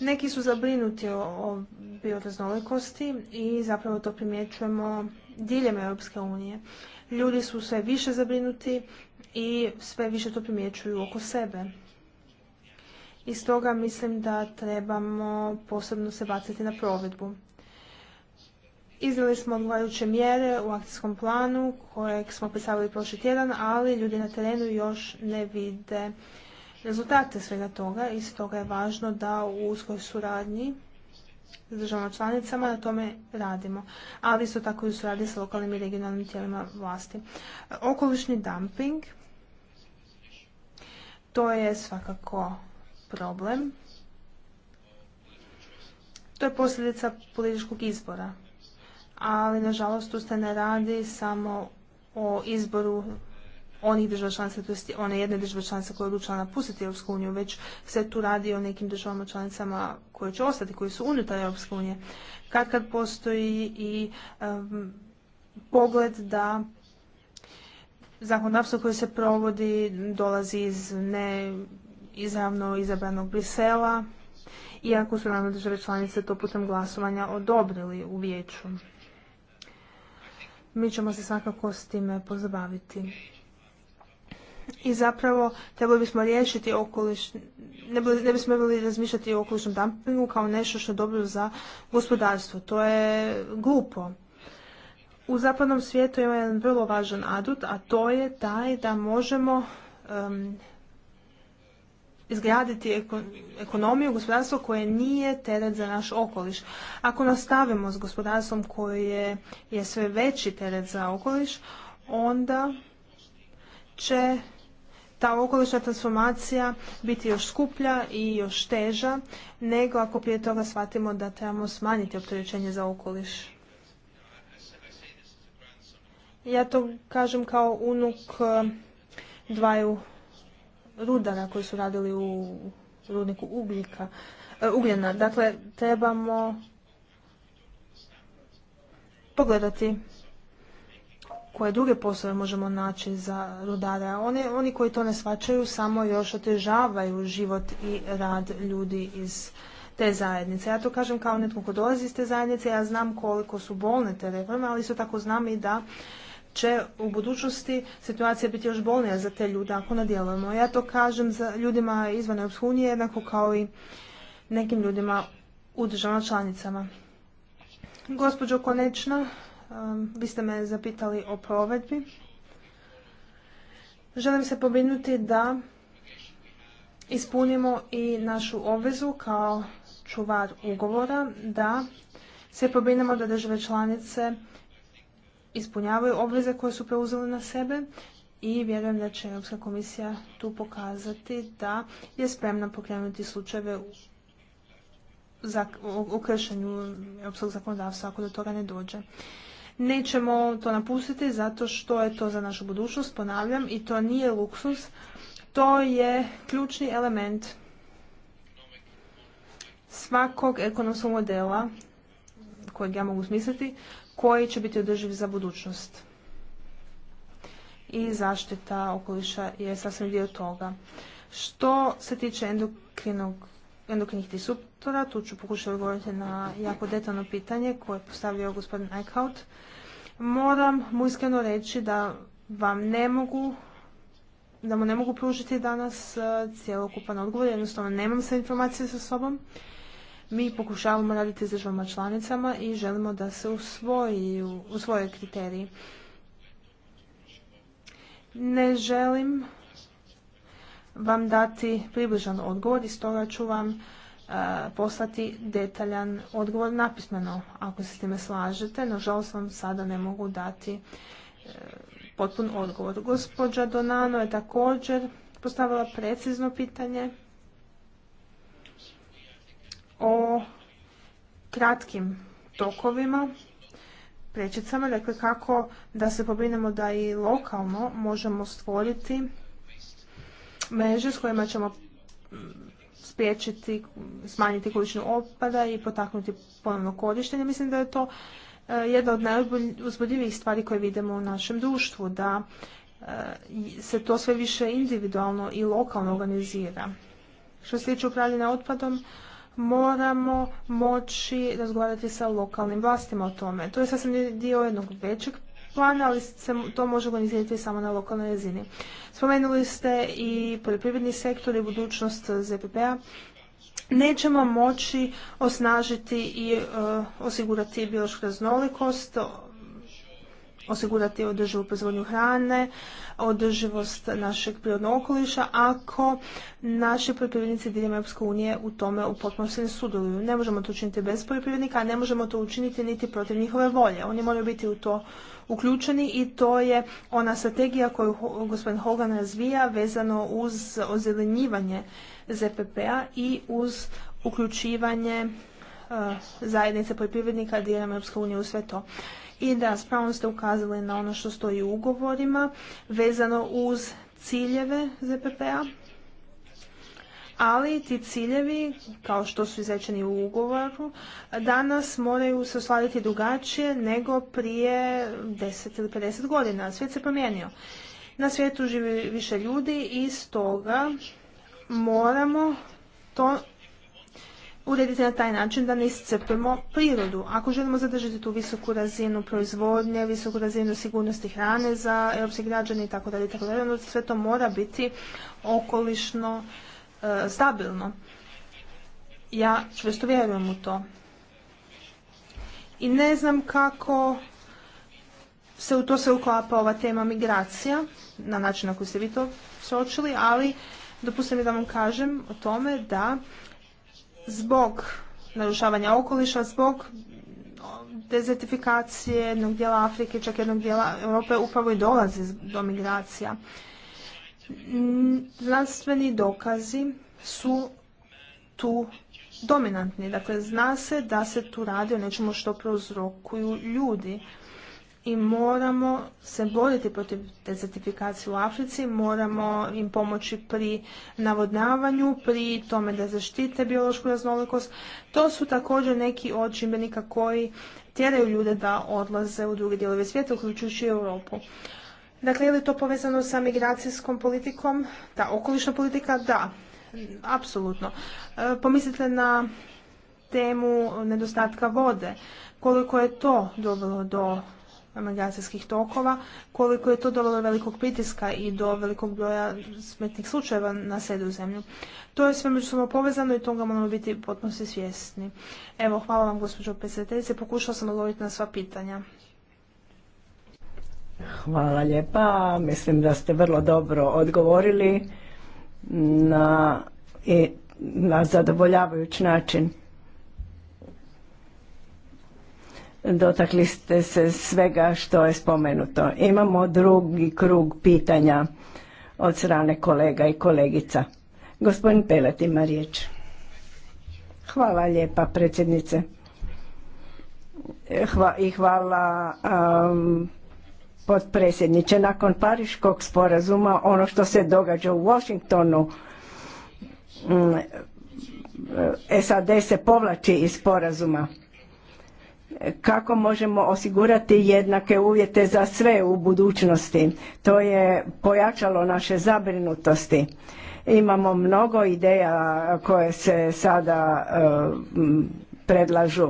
Neki su zabrinuti o bioraznolikosti i zapravo to primjećujemo diljem Europske unije. Ljudi su sve više zabrinuti i sve više to primjećuju oko sebe i stoga mislim da trebamo posebno se baciti na provedbu. Izveli smo odgovarajuće mjere u akcijskom planu kojeg smo predstavili prošli tjedan, ali ljudi na terenu još ne vide rezultate svega toga i stoga je važno da u uskoj suradnji s državama članicama na tome radimo, ali isto tako i u suradnji s lokalnim i regionalnim tijelima vlasti. Okolišni dumping, to je svakako problem. To je posljedica političkog izbora. Ali, nažalost, tu se ne radi samo o izboru onih država članica, to one jedne države članice koja je odlučila napustiti Europsku uniju, već se tu radi o nekim državama članicama koje će ostati, koji su unutar Europske unije. Kad kad postoji i pogled da zakonodavstvo koje se provodi dolazi iz ne izravno izabranog Brisela, iako su naravno države članice to putem glasovanja odobrili u vijeću. Mi ćemo se svakako s time pozabaviti. I zapravo trebali bismo riješiti okoliš, ne, bismo trebali razmišljati o okolišnom dumpingu kao nešto što je dobro za gospodarstvo. To je glupo. U zapadnom svijetu ima jedan vrlo važan adut, a to je taj da možemo izgraditi ekonomiju, gospodarstvo koje nije teret za naš okoliš. Ako nastavimo s gospodarstvom koje je sve veći teret za okoliš, onda će ta okolišna transformacija biti još skuplja i još teža nego ako prije toga shvatimo da trebamo smanjiti opterećenje za okoliš. Ja to kažem kao unuk eh, dvaju rudara koji su radili u rudniku ugljika, e, ugljena. Dakle, trebamo pogledati koje druge poslove možemo naći za rudara. Oni, oni koji to ne svačaju samo još otežavaju život i rad ljudi iz te zajednice. Ja to kažem kao netko ko dolazi iz te zajednice, ja znam koliko su bolne te reforme, ali isto tako znam i da će u budućnosti situacija biti još bolnija za te ljude ako nadjelujemo. Ja to kažem za ljudima izvan Europske unije jednako kao i nekim ljudima u državama članicama. Gospođo Konečna, um, vi ste me zapitali o provedbi. Želim se pobrinuti da ispunimo i našu obvezu kao čuvar ugovora da se pobrinemo da države članice ispunjavaju obveze koje su preuzeli na sebe i vjerujem da će Europska komisija tu pokazati da je spremna pokrenuti slučajeve u kršenju europskog zakonodavstva ako do toga ne dođe. Nećemo to napustiti zato što je to za našu budućnost, ponavljam, i to nije luksus, to je ključni element svakog ekonomskog modela kojeg ja mogu smisliti, koji će biti održiv za budućnost. I zaštita okoliša je sasvim dio toga. Što se tiče endokrinog, endokrinih disruptora, tu ću pokušati odgovoriti na jako detaljno pitanje koje je postavio gospodin Eichhout. Moram mu iskreno reći da vam ne mogu da mu ne mogu pružiti danas eh, cjelokupan odgovor, jednostavno nemam sve informacije sa sobom. Mi pokušavamo raditi s državama članicama i želimo da se u usvoje kriteriji. Ne želim vam dati približan odgovor i stoga ću vam e, poslati detaljan odgovor napismeno ako se s time slažete. Nažalost vam sada ne mogu dati e, potpun odgovor. Gospođa Donano je također postavila precizno pitanje o kratkim tokovima, prečicama, dakle kako da se pobrinemo da i lokalno možemo stvoriti mreže s kojima ćemo spriječiti, smanjiti količinu otpada i potaknuti ponovno korištenje. Mislim da je to e, jedna od najuzbudljivijih stvari koje vidimo u našem društvu, da e, se to sve više individualno i lokalno organizira. Što se tiče upravljanja otpadom, moramo moći razgovarati sa lokalnim vlastima o tome. To je sasvim dio jednog većeg plana, ali se to može organizirati samo na lokalnoj razini. Spomenuli ste i poljoprivredni sektor i budućnost ZPP-a. Nećemo moći osnažiti i e, osigurati biološku raznolikost osigurati održivu proizvodnju hrane, održivost našeg prirodnog okoliša, ako naši poljoprivrednici diljem Europske unije u tome u potpunosti ne sudjeluju. Ne možemo to učiniti bez poljoprivrednika, a ne možemo to učiniti niti protiv njihove volje. Oni moraju biti u to uključeni i to je ona strategija koju gospodin Hogan razvija vezano uz ozelenjivanje ZPP-a i uz uključivanje e, zajednice poljoprivrednika diljem Europske unije u sve to i da s ste ukazali na ono što stoji u ugovorima vezano uz ciljeve ZPP-a. Ali ti ciljevi, kao što su izrečeni u ugovoru, danas moraju se osladiti drugačije nego prije 10 ili 50 godina. Svijet se promijenio. Na svijetu živi više ljudi i stoga moramo to urediti na taj način da ne iscrpimo prirodu. Ako želimo zadržati tu visoku razinu proizvodnje, visoku razinu sigurnosti hrane za europske građane itd., itd., onda sve to mora biti okolišno e, stabilno. Ja čvrsto vjerujem u to. I ne znam kako se u to se uklapa ova tema migracija, na način na koji ste vi to sočili, ali dopustite mi da vam kažem o tome da zbog narušavanja okoliša, zbog dezertifikacije jednog dijela Afrike, čak jednog dijela Europe upravo i dolazi do migracija. Znanstveni dokazi su tu dominantni. Dakle, zna se da se tu radi o nečemu što prouzrokuju ljudi i moramo se boriti protiv desertifikacije u Africi, moramo im pomoći pri navodnavanju, pri tome da zaštite biološku raznolikost. To su također neki od čimbenika koji tjeraju ljude da odlaze u druge dijelove svijeta, uključujući Europu. Dakle, je li to povezano sa migracijskom politikom? Da, okolišna politika? Da, apsolutno. E, pomislite na temu nedostatka vode. Koliko je to dovelo do migracijskih tokova, koliko je to dovelo do velikog pritiska i do velikog broja smetnih slučajeva na zemlju. To je sve međusobno povezano i toga moramo biti potpuno svjesni. Evo, hvala vam gospođo predsjedateljice, pokušala sam odgovoriti na sva pitanja. Hvala lijepa, mislim da ste vrlo dobro odgovorili na, i, na zadovoljavajući način. Dotakli ste se svega što je spomenuto. Imamo drugi krug pitanja od strane kolega i kolegica. Gospodin Pelet ima riječ. Hvala lijepa predsjednice. Hva, I hvala um, potpredsjedniče. Nakon Pariškog sporazuma ono što se događa u Washingtonu mm, e, SAD se povlači iz sporazuma kako možemo osigurati jednake uvjete za sve u budućnosti. To je pojačalo naše zabrinutosti. Imamo mnogo ideja koje se sada eh, predlažu.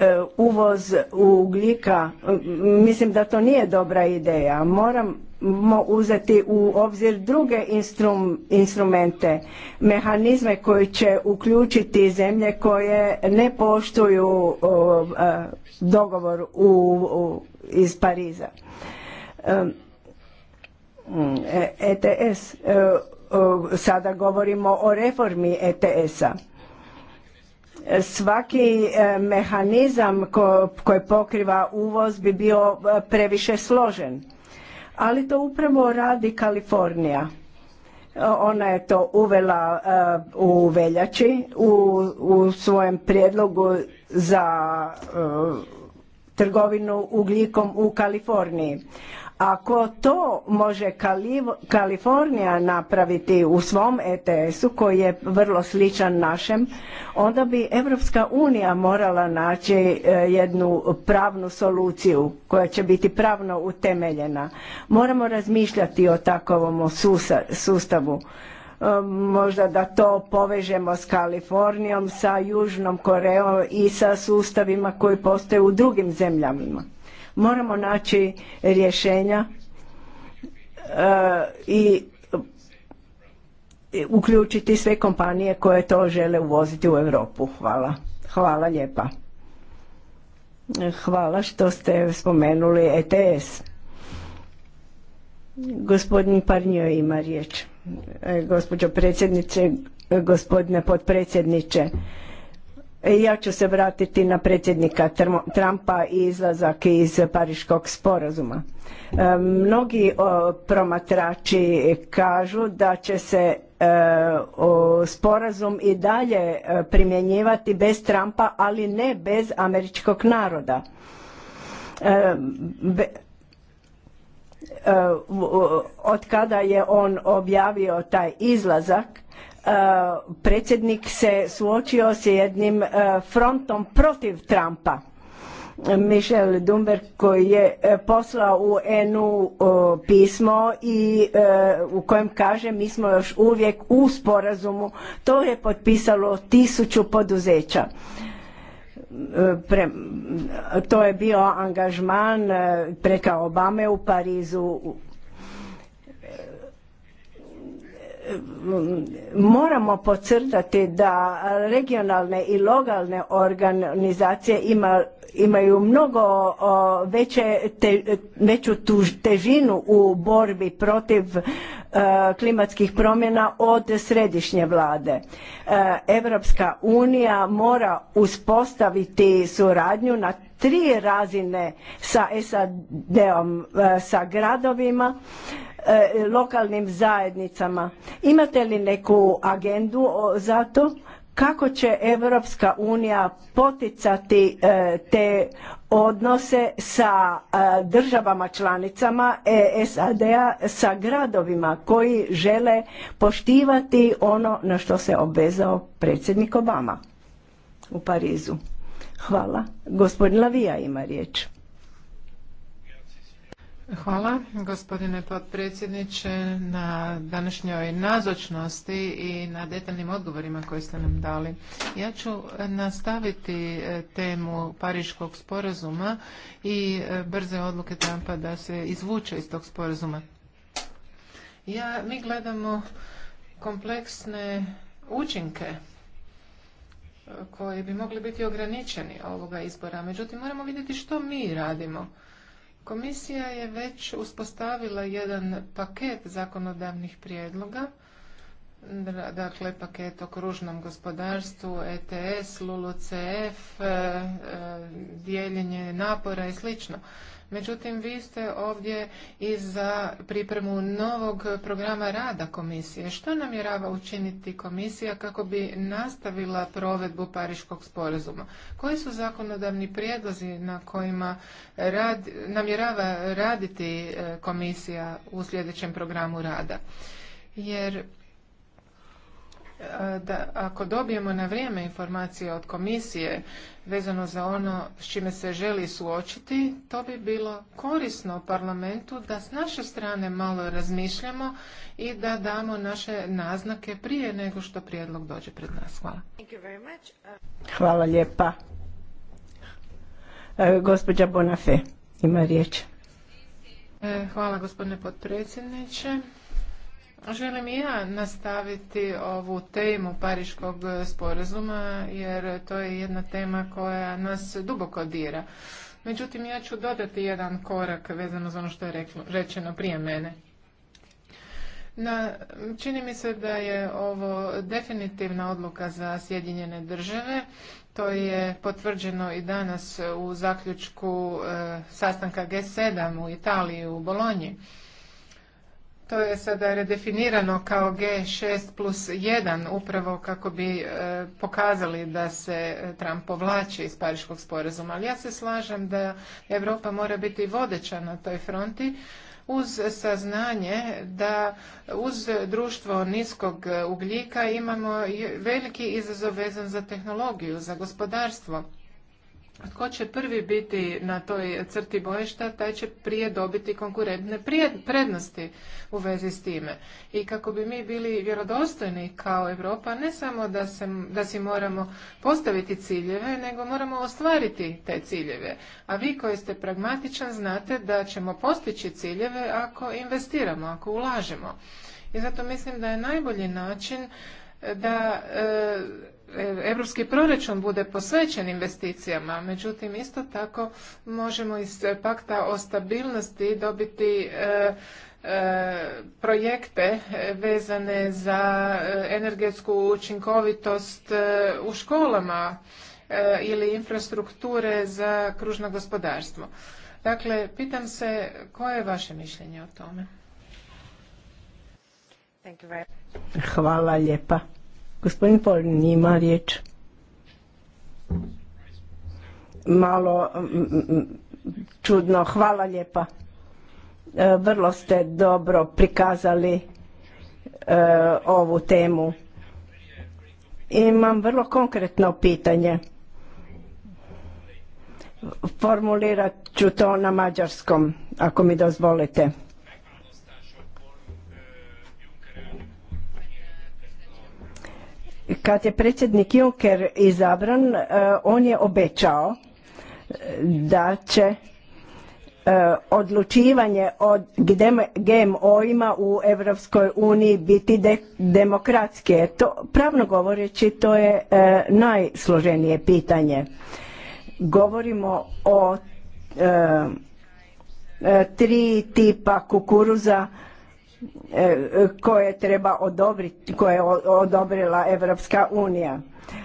Eh, uvoz ugljika, eh, mislim da to nije dobra ideja. Moram uzeti u obzir druge instrumente, mehanizme koji će uključiti zemlje koje ne poštuju dogovor iz Pariza. ETS, e, e e, sada govorimo o reformi ETS-a svaki mehanizam koji pokriva uvoz bi bio previše složen ali to upravo radi Kalifornija. E, ona je to uvela e, u veljači u, u svojem prijedlogu za e, trgovinu ugljikom u Kaliforniji. Ako to može Kalifornija napraviti u svom ETS-u koji je vrlo sličan našem, onda bi Europska unija morala naći e, jednu pravnu soluciju koja će biti pravno utemeljena. Moramo razmišljati o takovom sustavu. E, možda da to povežemo s Kalifornijom, sa Južnom Korejom i sa sustavima koji postoje u drugim zemljama Moramo naći rješenja e, i uključiti sve kompanije koje to žele uvoziti u Europu. Hvala. Hvala lijepa. Hvala što ste spomenuli ETS. Gospodin Parnio ima riječ. E, gospođo predsjednice, gospodine potpredsjedniče, E, ja ću se vratiti na predsjednika Trumpa i izlazak iz Pariškog sporazuma. E, mnogi promatrači kažu da će se e, sporazum i dalje primjenjivati bez Trumpa, ali ne bez američkog naroda. Od kada je on objavio taj izlazak, E, predsjednik se suočio s jednim e, frontom protiv Trumpa. Michel Dumber koji je e, poslao u Enu pismo i u kojem kaže mi smo još uvijek u sporazumu. To je potpisalo tisuću poduzeća. to je bio angažman preka Obame u Parizu moramo podcrtati da regionalne i lokalne organizacije imaju mnogo veće, veću težinu u borbi protiv e, klimatskih promjena od središnje vlade. Europska unija mora uspostaviti suradnju na tri razine sa SAD-om, e, sa gradovima, E, lokalnim zajednicama. Imate li neku agendu za to? Kako će Europska unija poticati e, te odnose sa e, državama članicama SAD-a, sa gradovima koji žele poštivati ono na što se obvezao predsjednik Obama u Parizu? Hvala. Gospodin Lavija ima riječ. Hvala gospodine potpredsjedniče na današnjoj nazočnosti i na detaljnim odgovorima koje ste nam dali. Ja ću nastaviti e, temu Pariškog sporazuma i e, brze odluke Trumpa da se izvuče iz tog sporazuma. Ja, mi gledamo kompleksne učinke e, koji bi mogli biti ograničeni ovoga izbora. Međutim, moramo vidjeti što mi radimo. Komisija je već uspostavila jedan paket zakonodavnih prijedloga, dakle paket o kružnom gospodarstvu, ETS, LULUCF, e, e, dijeljenje napora i slično. Međutim, vi ste ovdje i za pripremu novog programa rada komisije. Što namjerava učiniti komisija kako bi nastavila provedbu Pariškog sporazuma? Koji su zakonodavni prijedlozi na kojima rad, namjerava raditi e, komisija u sljedećem programu rada? Jer da ako dobijemo na vrijeme informacije od komisije vezano za ono s čime se želi suočiti, to bi bilo korisno parlamentu da s naše strane malo razmišljamo i da damo naše naznake prije nego što prijedlog dođe pred nas. Hvala. Hvala lijepa. E, ima riječ. E, hvala gospodine potpredsjedniče. Želim i ja nastaviti ovu temu Pariškog sporazuma jer to je jedna tema koja nas duboko dira. Međutim, ja ću dodati jedan korak vezano za ono što je rečeno prije mene. Na, čini mi se da je ovo definitivna odluka za Sjedinjene države. To je potvrđeno i danas u zaključku e, sastanka G7 u Italiji u Bolonji. To je sada redefinirano kao G6 plus 1 upravo kako bi e, pokazali da se e, Trump povlači iz Pariškog sporazuma. Ali ja se slažem da Europa mora biti vodeća na toj fronti uz saznanje da uz društvo niskog ugljika imamo veliki izazov vezan za tehnologiju, za gospodarstvo tko će prvi biti na toj crti bojišta, taj će prije dobiti konkurentne prednosti u vezi s time. I kako bi mi bili vjerodostojni kao Europa, ne samo da, se, da si moramo postaviti ciljeve, nego moramo ostvariti te ciljeve. A vi koji ste pragmatičan znate da ćemo postići ciljeve ako investiramo, ako ulažemo. I zato mislim da je najbolji način da e, europski proračun bude posvećen investicijama, međutim isto tako možemo iz pakta o stabilnosti dobiti e, e, projekte vezane za e, energetsku učinkovitost u školama ili infrastrukture za kružno gospodarstvo. Dakle, pitam se koje je vaše mišljenje o tome? Hvala lijepa. Gospodin Polin ima riječ. Malo čudno, hvala lijepa. E, vrlo ste dobro prikazali e, ovu temu. Imam vrlo konkretno pitanje. Formulirat ću to na mađarskom, ako mi dozvolite. Kad je predsjednik Juncker izabran, e, on je obećao e, da će e, odlučivanje o GMO-ima u Europskoj uniji biti demokratske. To, pravno govoreći, to je najsloženije pitanje. Govorimo o tri tipa kukuruza E, koje treba odobriti, koje je odobrila Europska unija.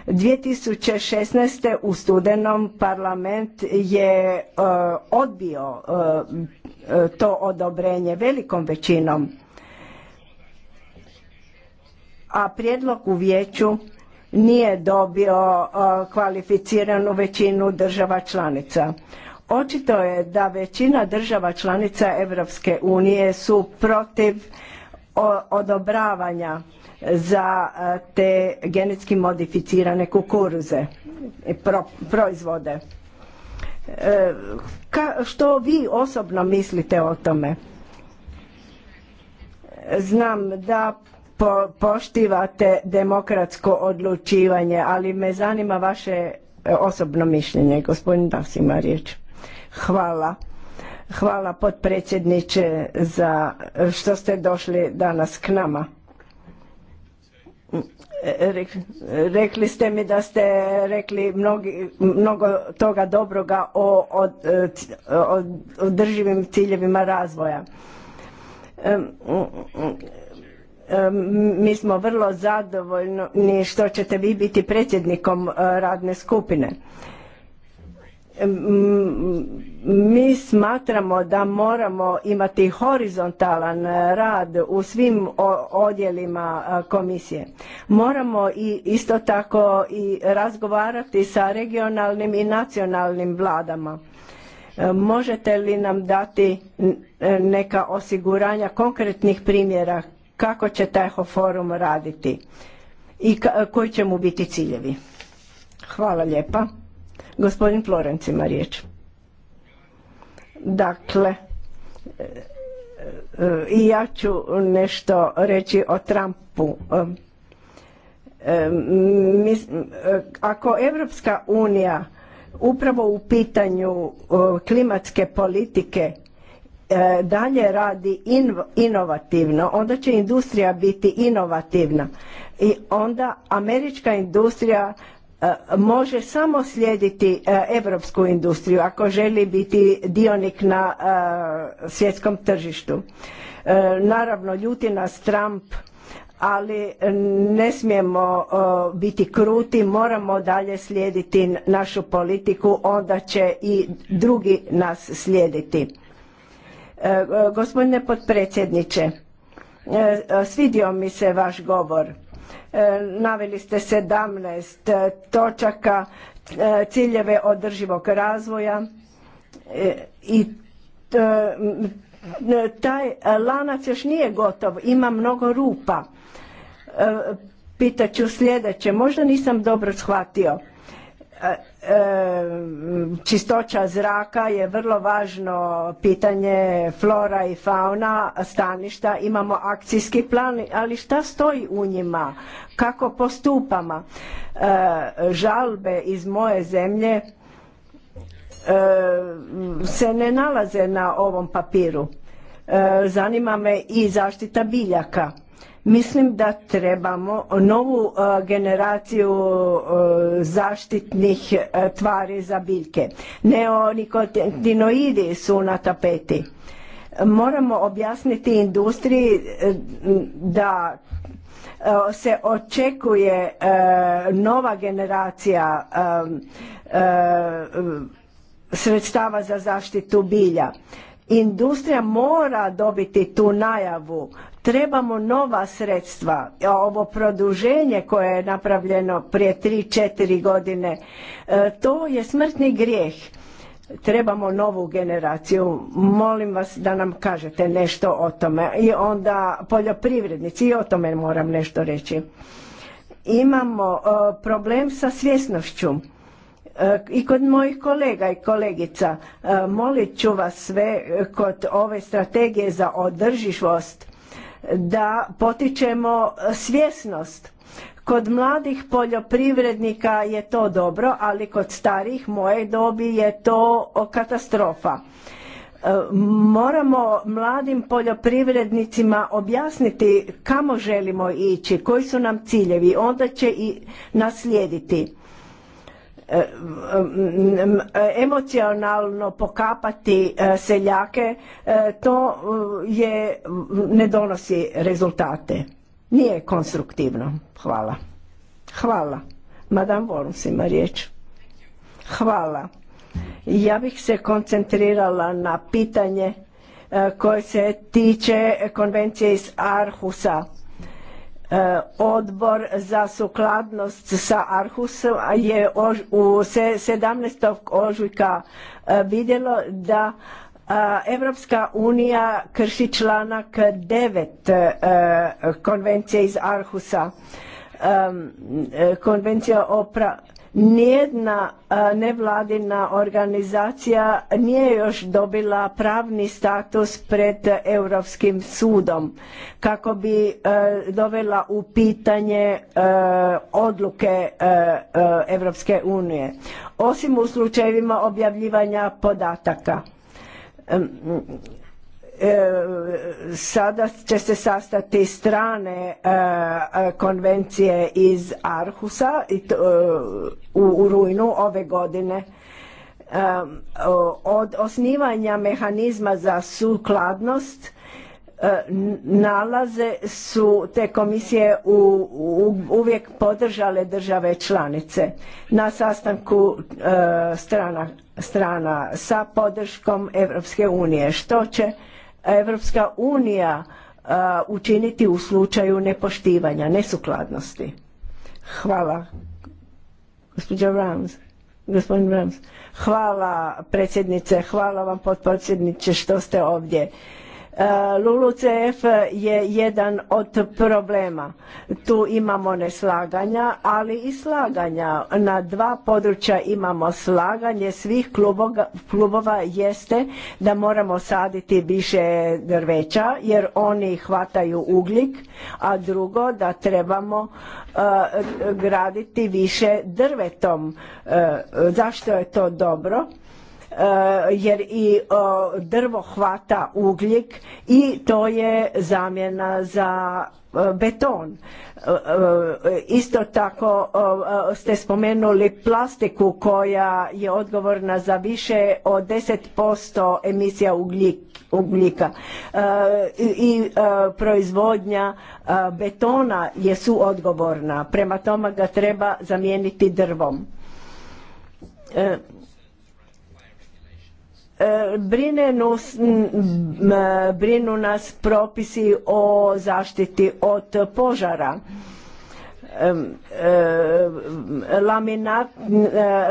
2016. u studenom parlament je e, odbio e, to odobrenje velikom većinom. A prijedlog u vijeću nije dobio kvalificiranu većinu država članica. Očito je da većina država članica Europske unije su protiv odobravanja za e, te genetski modificirane kukuruze i e, proizvode. E, što vi osobno mislite o tome? Znam da poštivate demokratsko odlučivanje, ali me zanima vaše osobno mišljenje. Gospodin dasima riječ. Hvala. Hvala potpredsjedniče za što ste došli danas k nama. Rekli ste mi da ste rekli mnogi, mnogo toga dobroga o održivim ciljevima razvoja. Mi smo vrlo zadovoljni što ćete vi biti predsjednikom eh, radne skupine mi smatramo da moramo imati horizontalan e, rad u svim odjelima e, komisije. Moramo i isto tako i razgovarati sa regionalnim i nacionalnim vladama. E, možete li nam dati neka osiguranja konkretnih primjera kako će taj forum raditi i koji će mu biti ciljevi? Hvala lijepa. Gospodin Florencima riječ. Dakle, e, e, i ja ću nešto reći o Trumpu. E, ako Evropska unija upravo u pitanju klimatske politike dalje radi inovativno, onda će industrija biti inovativna i onda američka industrija E, može samo slijediti europsku industriju ako želi biti dionik na e, svjetskom tržištu. E, naravno, ljuti nas Trump, ali ne smijemo biti kruti, moramo dalje slijediti našu politiku, onda će i drugi nas slijediti. Gospodine potpredsjedniče, svidio mi se vaš govor E, naveli ste 17 e, točaka, e, ciljeve održivog razvoja i taj lanac još nije gotov, ima mnogo rupa. Pitaću sljedeće, možda nisam dobro shvatio čistoća zraka je vrlo važno pitanje flora i fauna staništa imamo akcijski plan ali šta stoji u njima kako postupamo žalbe iz moje zemlje se ne nalaze na ovom papiru zanima me i zaštita biljaka Mislim da trebamo novu e, generaciju e, zaštitnih e, tvari za biljke. Neonikotinoidi su na tapeti. Moramo objasniti industriji da se očekuje nova generacija sredstava za zaštitu bilja Industrija mora dobiti tu najavu. Trebamo nova sredstva. Ovo produženje koje je napravljeno prije 3-4 godine, e, to je smrtni grijeh. Trebamo novu generaciju. Molim vas da nam kažete nešto o tome. I onda poljoprivrednici, i o tome moram nešto reći. Imamo e, problem sa svjesnošću i kod mojih kolega i kolegica. E, molit ću vas sve e, kod ove strategije za održivost da potičemo svjesnost. Kod mladih poljoprivrednika je to dobro, ali kod starih moje dobi je to katastrofa. E, moramo mladim poljoprivrednicima objasniti kamo želimo ići, koji su nam ciljevi, onda će i naslijediti E, emocionalno pokapati e, seljake, e, to je, ne donosi rezultate. Nije konstruktivno. Hvala. Hvala. Madame se ima riječ. Hvala. Ja bih se koncentrirala na pitanje koje se tiče konvencije iz Arhusa E, odbor za sukladnost sa Arhusom je u 17. ožujka e, vidjelo da e, Evropska unija krši članak 9 konvencije iz Arhusa. Konvencija o Nijedna nevladina organizacija nije još dobila pravni status pred Europskim sudom kako bi dovela u pitanje odluke Europske unije, osim u slučajevima objavljivanja podataka E, sada će se sastati strane e, e, konvencije iz Arhusa u rujnu ove godine od osnivanja mehanizma za sukladnost nalaze su te komisije u, uvijek podržale države članice na sastanku strana, strana sa podrškom Europske unije što će Evropska unija učiniti u slučaju nepoštivanja, nesukladnosti? Hvala. Gospodin Rams. Gospodin Rams. Hvala predsjednice, hvala vam potpredsjedniče što ste ovdje. Eh, LULUCF je jedan od problema. Tu imamo neslaganja, ali i slaganja. Na dva područja imamo slaganje svih klubova jeste da moramo saditi više drveća jer oni hvataju ugljik, a drugo da trebamo eh, graditi više drvetom. Eh, zašto je to dobro? Eh, jer i drvo hvata ugljik i to je zamjena za e, beton. E, e, isto tako ste spomenuli plastiku koja je odgovorna za više od 10% emisija ugljika i proizvodnja betona je suodgovorna. Prema tome ga treba zamijeniti drvom E, brine brinu nas propisi o zaštiti od požara. E, e,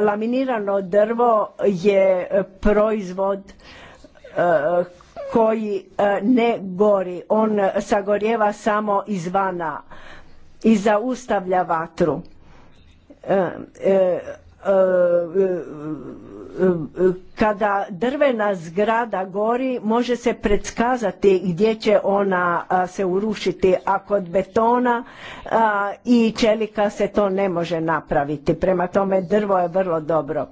laminirano drvo je proizvod koji ne gori. On sagorjeva samo izvana i zaustavlja vatru kada drvena zgrada gori može se predskazati gdje će ona se urušiti a kod betona i čelika se to ne može napraviti prema tome drvo je vrlo dobro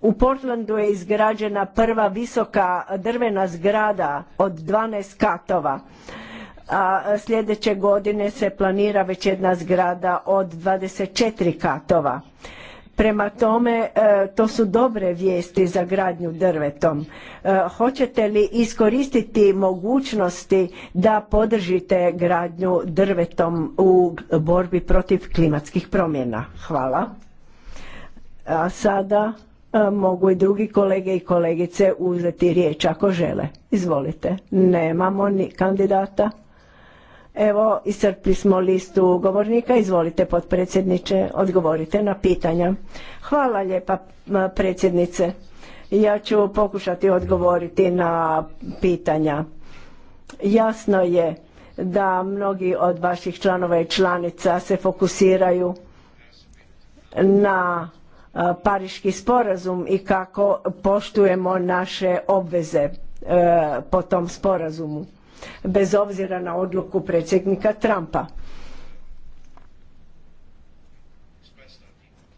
u, Portlandu je izgrađena prva visoka drvena zgrada od 12 katova a sljedeće godine se planira već jedna zgrada od 24 katova. Prema tome, e, to su dobre vijesti za gradnju drvetom. E, hoćete li iskoristiti mogućnosti da podržite gradnju drvetom u borbi protiv klimatskih promjena? Hvala. A sada e, mogu i drugi kolege i kolegice uzeti riječ ako žele. Izvolite. Nemamo ni kandidata. Evo, iscrpli smo listu govornika. Izvolite, potpredsjedniče, odgovorite na pitanja. Hvala lijepa, predsjednice. Ja ću pokušati odgovoriti na pitanja. Jasno je da mnogi od vaših članova i članica se fokusiraju na e, Pariški sporazum i kako poštujemo naše obveze e, po tom sporazumu bez obzira na odluku predsjednika Trumpa.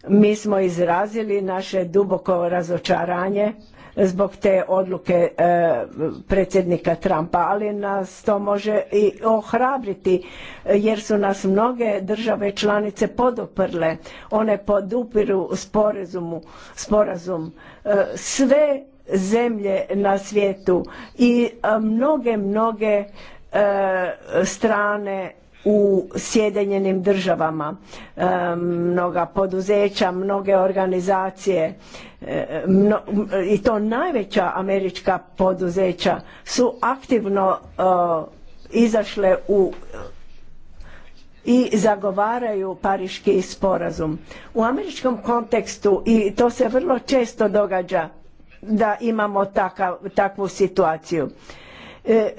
Mi smo izrazili naše duboko razočaranje zbog te odluke e, predsjednika Trumpa, ali nas to može i ohrabriti jer su nas mnoge države članice poduprle, one podupiru sporazumu, sporazum. E, sve zemlje na svijetu i e, mnoge, mnoge e, strane u Sjedinjenim državama, e, mnoga poduzeća, mnoge organizacije i to najveća američka poduzeća su aktivno izašle u i zagovaraju pariški sporazum. U američkom kontekstu i to se vrlo često događa da imamo takvu situaciju. E,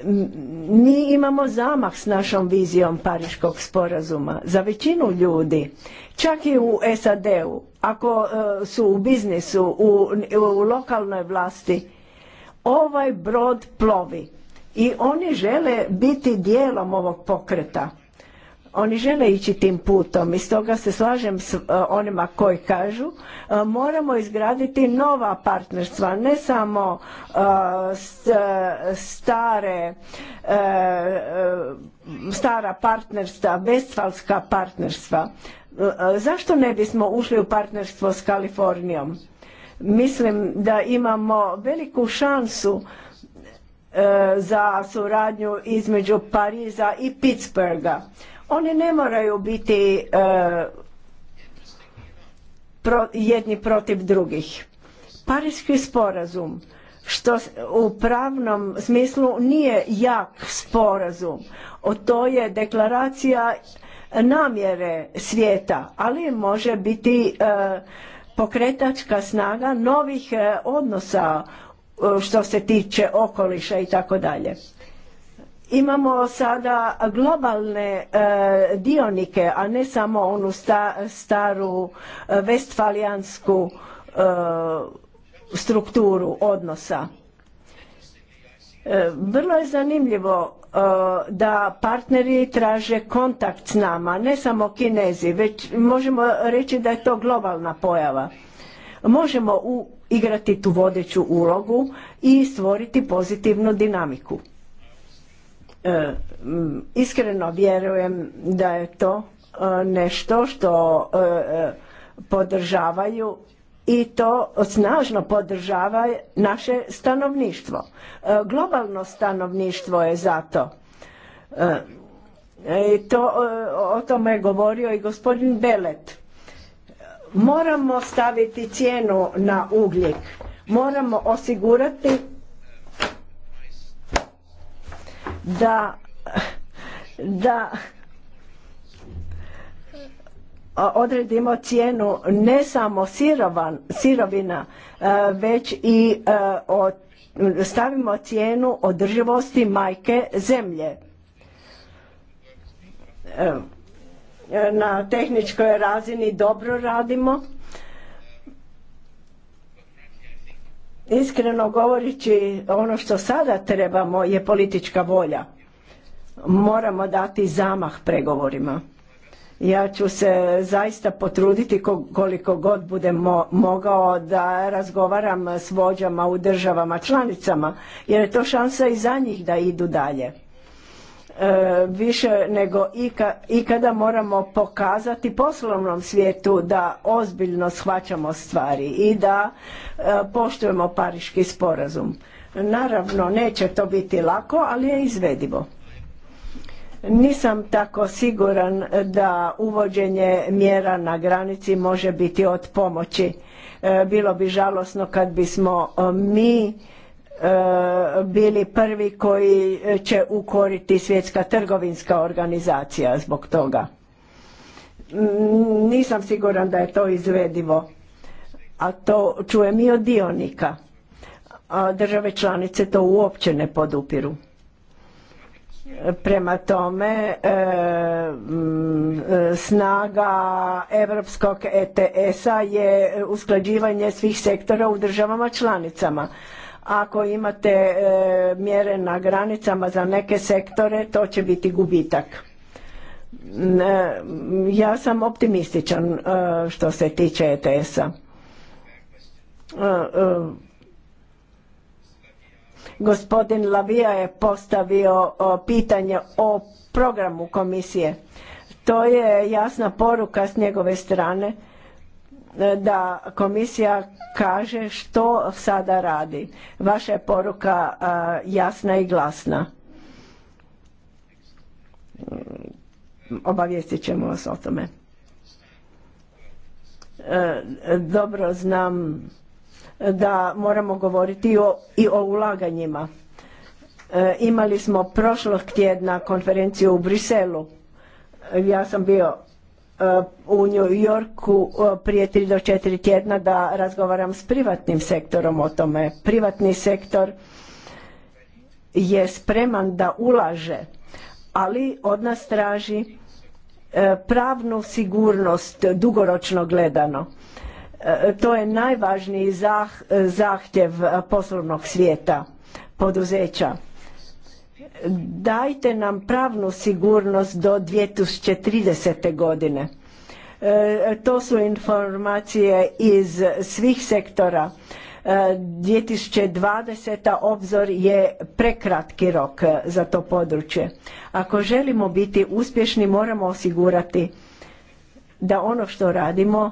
mi imamo zamah s našom vizijom Pariškog sporazuma. Za većinu ljudi, čak i u SAD-u, ako e, su u biznisu, u, u lokalnoj vlasti, ovaj brod plovi i oni žele biti dijelom ovog pokreta oni žele ići tim putom i stoga se slažem s e, onima koji kažu e, moramo izgraditi nova partnerstva, ne samo e, stare stara partnerstva, Vestfalska partnerstva. Zašto ne bismo ušli u partnerstvo s Kalifornijom? Mislim da imamo veliku šansu za suradnju između Pariza i Pittsburgha oni ne moraju biti e, jedni protiv drugih. Pariški sporazum što u pravnom smislu nije jak sporazum. O to je deklaracija namjere svijeta, ali može biti e, pokretačka snaga novih e, odnosa što se tiče okoliša i tako dalje. Imamo sada globalne e, dionike, a ne samo onu staru e, vestfalijansku e, strukturu odnosa. vrlo je zanimljivo da partneri traže kontakt s nama, ne samo kinezi, već možemo reći da je to globalna pojava. Možemo igrati tu vodeću ulogu i stvoriti pozitivnu dinamiku. Eh, mm, iskreno vjerujem da je to eh, nešto što eh, podržavaju i to snažno podržava naše stanovništvo. Globalno stanovništvo je zato. To, o tome je govorio i gospodin Belet. Moramo staviti cijenu na ugljik. Moramo osigurati da da odredimo cijenu ne samo sirovan, sirovina e, već i e, stavimo cijenu održivosti majke zemlje e, na tehničkoj razini dobro radimo Iskreno govorići, ono što sada trebamo je politička volja. Moramo dati zamah pregovorima. Ja ću se zaista potruditi koliko god budem mogao da razgovaram s vođama u državama članicama, jer je to šansa i za njih da idu dalje. E, više nego ikada moramo pokazati poslovnom svijetu da ozbiljno shvaćamo stvari i da e, poštujemo pariški sporazum. Naravno, neće to biti lako, ali je izvedivo. Nisam tako siguran da uvođenje mjera na granici može biti od pomoći. E, bilo bi žalosno kad bismo mi E, bili prvi koji će ukoriti svjetska trgovinska organizacija zbog toga. Nisam siguran da je to izvedivo, a to čujem i od dionika, a države članice to uopće ne podupiru. Prema tome, e, snaga Europskog ets je usklađivanje svih sektora u državama članicama ako imate e, mjere na granicama za neke sektore, to će biti gubitak. E, ja sam optimističan e, što se tiče ETS-a. Gospodin Lavija je postavio pitanje o programu komisije. To je jasna poruka s njegove strane da komisija kaže što sada radi. Vaša je poruka jasna i glasna. Obavijestit ćemo vas o tome. E, dobro znam da moramo govoriti i o, ulaganjima. E, imali smo prošlog tjedna konferenciju u Briselu. Ja sam bio E, u New Yorku e, prije tri do četiri tjedna da razgovaram s privatnim sektorom o tome. Privatni sektor je spreman da ulaže, ali od nas traži e, pravnu sigurnost dugoročno gledano. To je najvažniji zahtjev poslovnog svijeta, poduzeća dajte nam pravnu sigurnost do 2030. godine. E, to su informacije iz svih sektora. 2020. E, obzor je prekratki rok za to područje. Ako želimo biti uspješni moramo osigurati da ono što radimo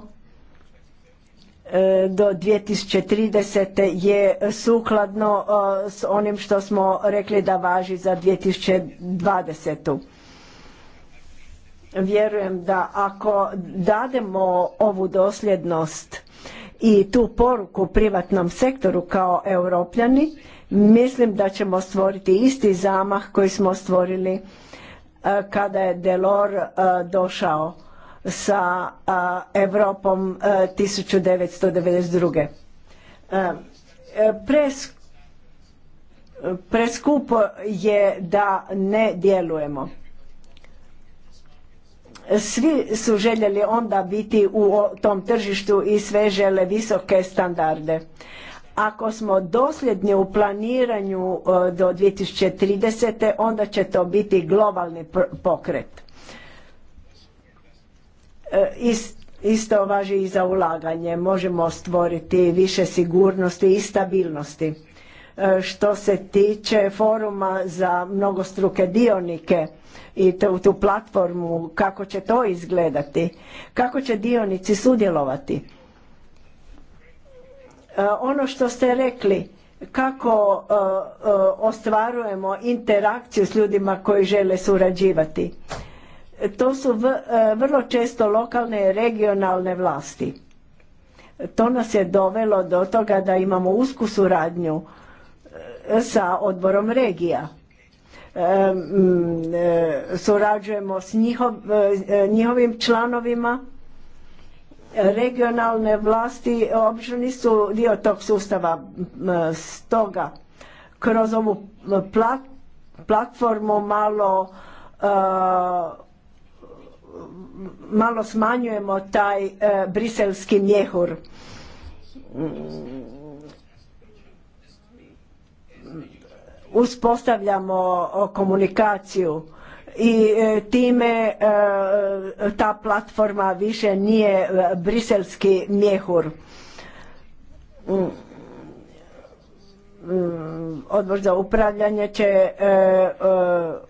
E, do 2030. je sukladno e, s onim što smo rekli da važi za 2020. Vjerujem da ako dademo ovu dosljednost i tu poruku privatnom sektoru kao europljani, mislim da ćemo stvoriti isti zamah koji smo stvorili e, kada je Delor došao sa Europom 1992. E, pres, preskupo je da ne djelujemo. Svi su željeli onda biti u tom tržištu i sve žele visoke standarde. Ako smo dosljedni u planiranju e, do 2030. onda će to biti globalni pokret E, isto važi i za ulaganje. Možemo stvoriti više sigurnosti i stabilnosti. E, što se tiče foruma za mnogostruke dionike i tu platformu, kako će to izgledati? Kako će dionici sudjelovati? E, ono što ste rekli, kako ostvarujemo interakciju s ljudima koji žele surađivati? to su e, vrlo često lokalne i regionalne vlasti. To nas je dovelo do toga da imamo usku suradnju e, sa odborom regija. E, surađujemo s njihovim članovima. Regionalne vlasti obično su dio tog sustava. Stoga kroz ovu platformu malo malo smanjujemo taj e, briselski mjehur uspostavljamo komunikaciju i e, time e, ta platforma više nije briselski mjehur Mm, odbor za upravljanje će e, e,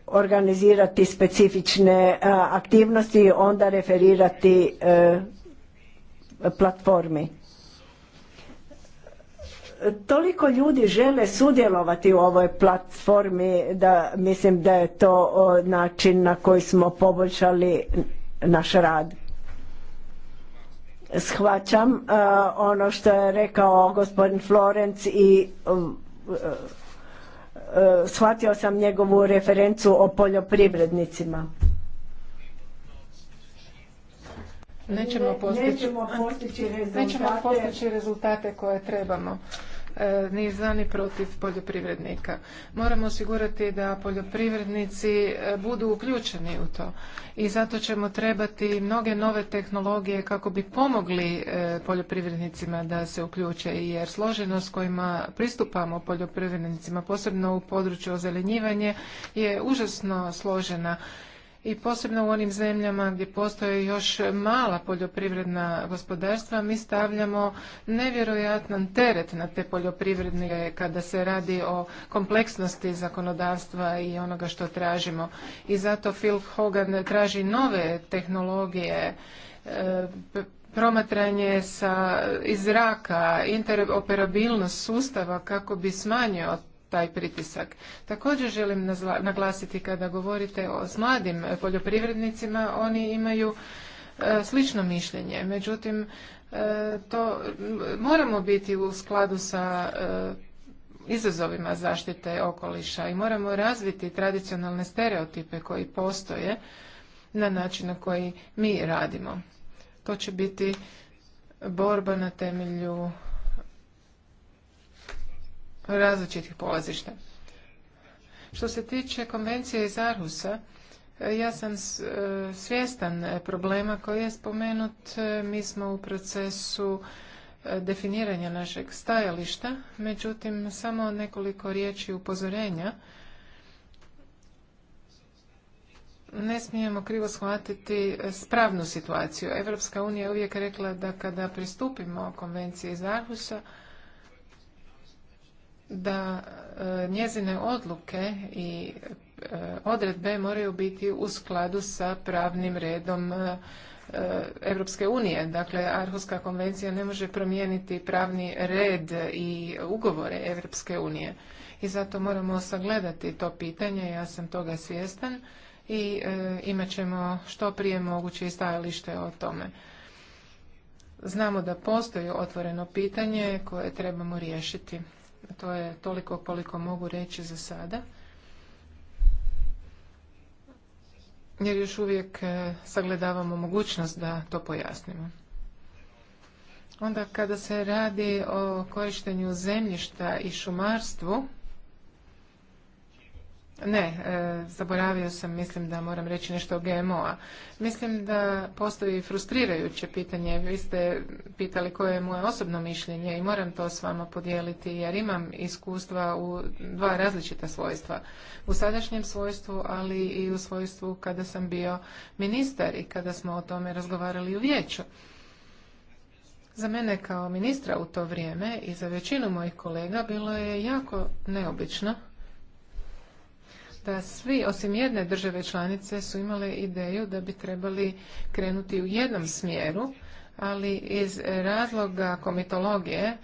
organizirati specifične e, aktivnosti i onda referirati platformi. Toliko ljudi žele sudjelovati u ovoj platformi da mislim da je to način na koji smo poboljšali naš rad shvaćam ono što je rekao gospodin Florenc i shvatio sam njegovu referencu o poljoprivrednicima. Nećemo postići, nećemo postići rezultate koje trebamo ni za ni protiv poljoprivrednika. Moramo osigurati da poljoprivrednici e, budu uključeni u to i zato ćemo trebati mnoge nove tehnologije kako bi pomogli e, poljoprivrednicima da se uključe jer složenost kojima pristupamo poljoprivrednicima posebno u području ozelenjivanje, je užasno složena i posebno u onim zemljama gdje postoje još mala poljoprivredna gospodarstva mi stavljamo nevjerojatan teret na te poljoprivrednike kada se radi o kompleksnosti zakonodavstva i onoga što tražimo i zato Phil Hogan traži nove tehnologije e, promatranje sa izraka zraka interoperabilnost sustava kako bi smanjio taj pritisak. Također želim naglasiti kada govorite o mladim poljoprivrednicima, oni imaju e, slično mišljenje. Međutim, e, to moramo biti u skladu sa e, izazovima zaštite okoliša i moramo razviti tradicionalne stereotipe koji postoje na način na koji mi radimo. To će biti borba na temelju različitih polazišta. Što se tiče konvencije iz Arhusa, ja sam e, svjestan problema koji je spomenut. Mi smo u procesu e, definiranja našeg stajališta, međutim samo nekoliko riječi upozorenja. Ne smijemo krivo shvatiti spravnu situaciju. Evropska unija je uvijek rekla da kada pristupimo konvenciji iz Arhusa, da e, njezine odluke i e, odredbe moraju biti u skladu sa pravnim redom Europske e, unije. Dakle, Arhuska konvencija ne može promijeniti pravni red i ugovore Europske unije. I zato moramo sagledati to pitanje, ja sam toga svjestan i imat ćemo što prije moguće i stajalište o tome. Znamo da postoji otvoreno pitanje koje trebamo riješiti. To je toliko koliko mogu reći za sada. Jer još uvijek e, sagledavamo mogućnost da to pojasnimo. Onda kada se radi o korištenju zemljišta i šumarstvu, ne, e, zaboravio sam, mislim da moram reći nešto o GMO-a. Mislim da postoji frustrirajuće pitanje. Vi ste pitali koje je moje osobno mišljenje i moram to s vama podijeliti jer imam iskustva u dva različita svojstva. U sadašnjem svojstvu, ali i u svojstvu kada sam bio ministar i kada smo o tome razgovarali u vijeću. Za mene kao ministra u to vrijeme i za većinu mojih kolega bilo je jako neobično da svi osim jedne države članice su imale ideju da bi trebali krenuti u jednom smjeru, ali iz razloga komitologije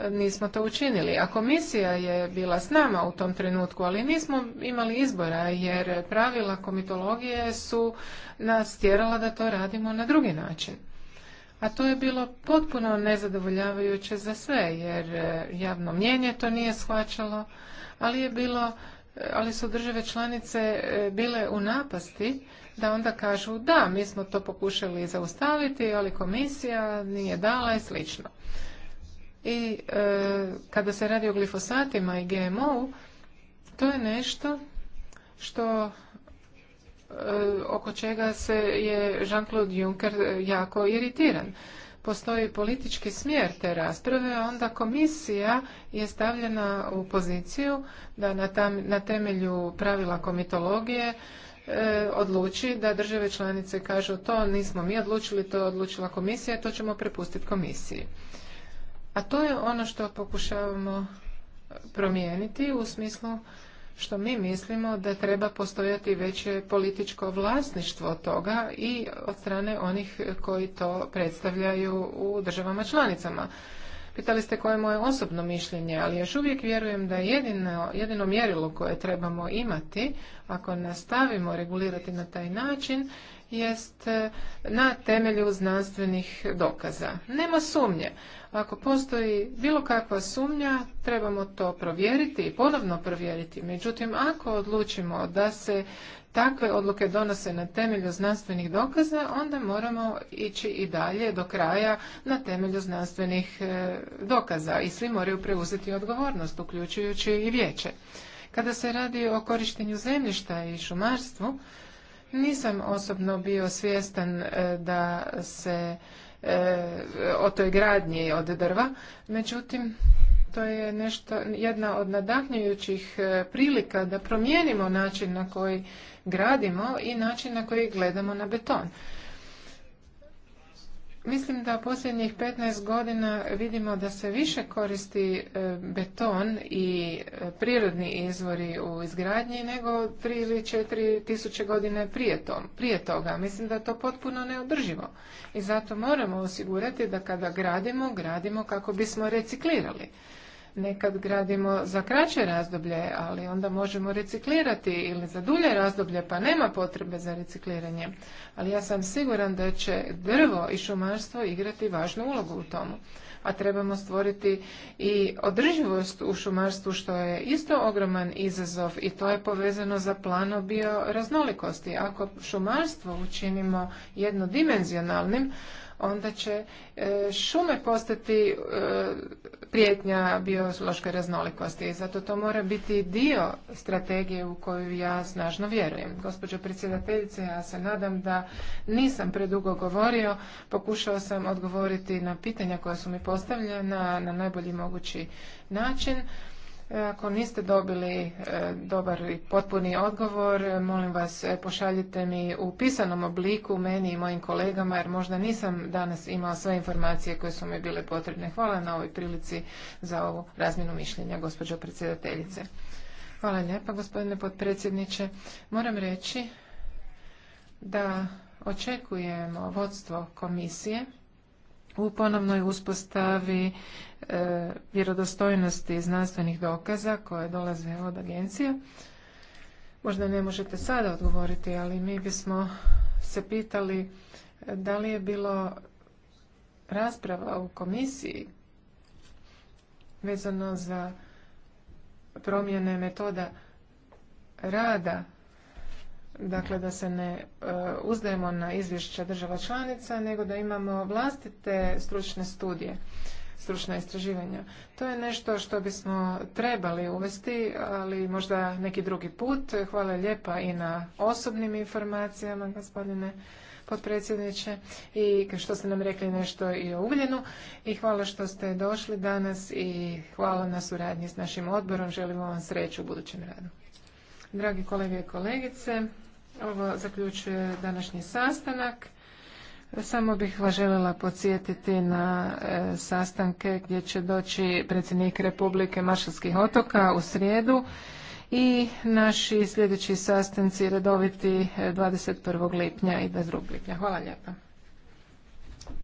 e, nismo to učinili. A komisija je bila s nama u tom trenutku, ali nismo imali izbora jer pravila komitologije su nas tjerala da to radimo na drugi način. A to je bilo potpuno nezadovoljavajuće za sve jer e, javno mnjenje to nije shvaćalo, ali je bilo ali su države članice e, bile u napasti da onda kažu da, mi smo to pokušali zaustaviti, ali komisija nije dala i slično. I e, kada se radi o glifosatima i gmo to je nešto što e, oko čega se je Jean-Claude Juncker jako iritiran postoji politički smjer te rasprave, onda komisija je stavljena u poziciju da na, tam, na temelju pravila komitologije e, odluči da države članice kažu to nismo mi odlučili, to je odlučila komisija, to ćemo prepustiti komisiji. A to je ono što pokušavamo promijeniti u smislu što mi mislimo da treba postojati veće političko vlasništvo toga i od strane onih koji to predstavljaju u državama članicama. Pitali ste koje je moje osobno mišljenje, ali još uvijek vjerujem da jedino, jedino mjerilo koje trebamo imati, ako nastavimo regulirati na taj način, jest eh, na temelju znanstvenih dokaza. Nema sumnje ako postoji bilo kakva sumnja, trebamo to provjeriti i ponovno provjeriti. Međutim, ako odlučimo da se takve odluke donose na temelju znanstvenih dokaza, onda moramo ići i dalje do kraja na temelju znanstvenih e, dokaza i svi moraju preuzeti odgovornost, uključujući i vijeće. Kada se radi o korištenju zemljišta i šumarstvu, nisam osobno bio svjestan e, da se E, o toj gradnji od drva. Međutim, to je nešto, jedna od nadahnjujućih e, prilika da promijenimo način na koji gradimo i način na koji gledamo na beton. Mislim da posljednjih 15 godina vidimo da se više koristi e, beton i e, prirodni izvori u izgradnji nego 3 ili 4 tisuće godine prije, toga. Mislim da je to potpuno neodrživo i zato moramo osigurati da kada gradimo, gradimo kako bismo reciklirali. Nekad gradimo za kraće razdoblje, ali onda možemo reciklirati ili za dulje razdoblje, pa nema potrebe za recikliranje. Ali ja sam siguran da će drvo i šumarstvo igrati važnu ulogu u tomu. A trebamo stvoriti i održivost u šumarstvu, što je isto ogroman izazov i to je povezano za plano bioraznolikosti. Ako šumarstvo učinimo jednodimenzionalnim, onda će e, šume postati e, prijetnja biološkoj raznolikosti i zato to mora biti dio strategije u koju ja snažno vjerujem. Gospođo predsjedateljice, ja se nadam da nisam predugo govorio, pokušao sam odgovoriti na pitanja koja su mi postavljena na najbolji mogući način. Ako niste dobili e, dobar i potpuni odgovor, molim vas e, pošaljite mi u pisanom obliku meni i mojim kolegama jer možda nisam danas imao sve informacije koje su mi bile potrebne. Hvala na ovoj prilici za ovu razmjenu mišljenja, gospođo predsjedateljice. Hvala lijepa, gospodine potpredsjedniče. Moram reći da očekujemo vodstvo komisije u ponovnoj uspostavi E, vjerodostojnosti znanstvenih dokaza koje dolaze od agencija. Možda ne možete sada odgovoriti, ali mi bismo se pitali e, da li je bilo rasprava u komisiji vezano za promjene metoda rada dakle da se ne e, uzdajemo na izvješća država članica nego da imamo vlastite stručne studije stručna istraživanja. To je nešto što bismo trebali uvesti, ali možda neki drugi put. Hvala lijepa i na osobnim informacijama, gospodine potpredsjedniče i što ste nam rekli nešto i o ugljenu i hvala što ste došli danas i hvala na suradnji s našim odborom. Želimo vam sreću u budućem radu. Dragi kolege i kolegice, ovo zaključuje današnji sastanak. Samo bih vas željela podsjetiti na e, sastanke gdje će doći predsjednik Republike Maršalskih otoka u srijedu i naši sljedeći sastanci redoviti 21. E, lipnja i 22. lipnja. Hvala lijepa.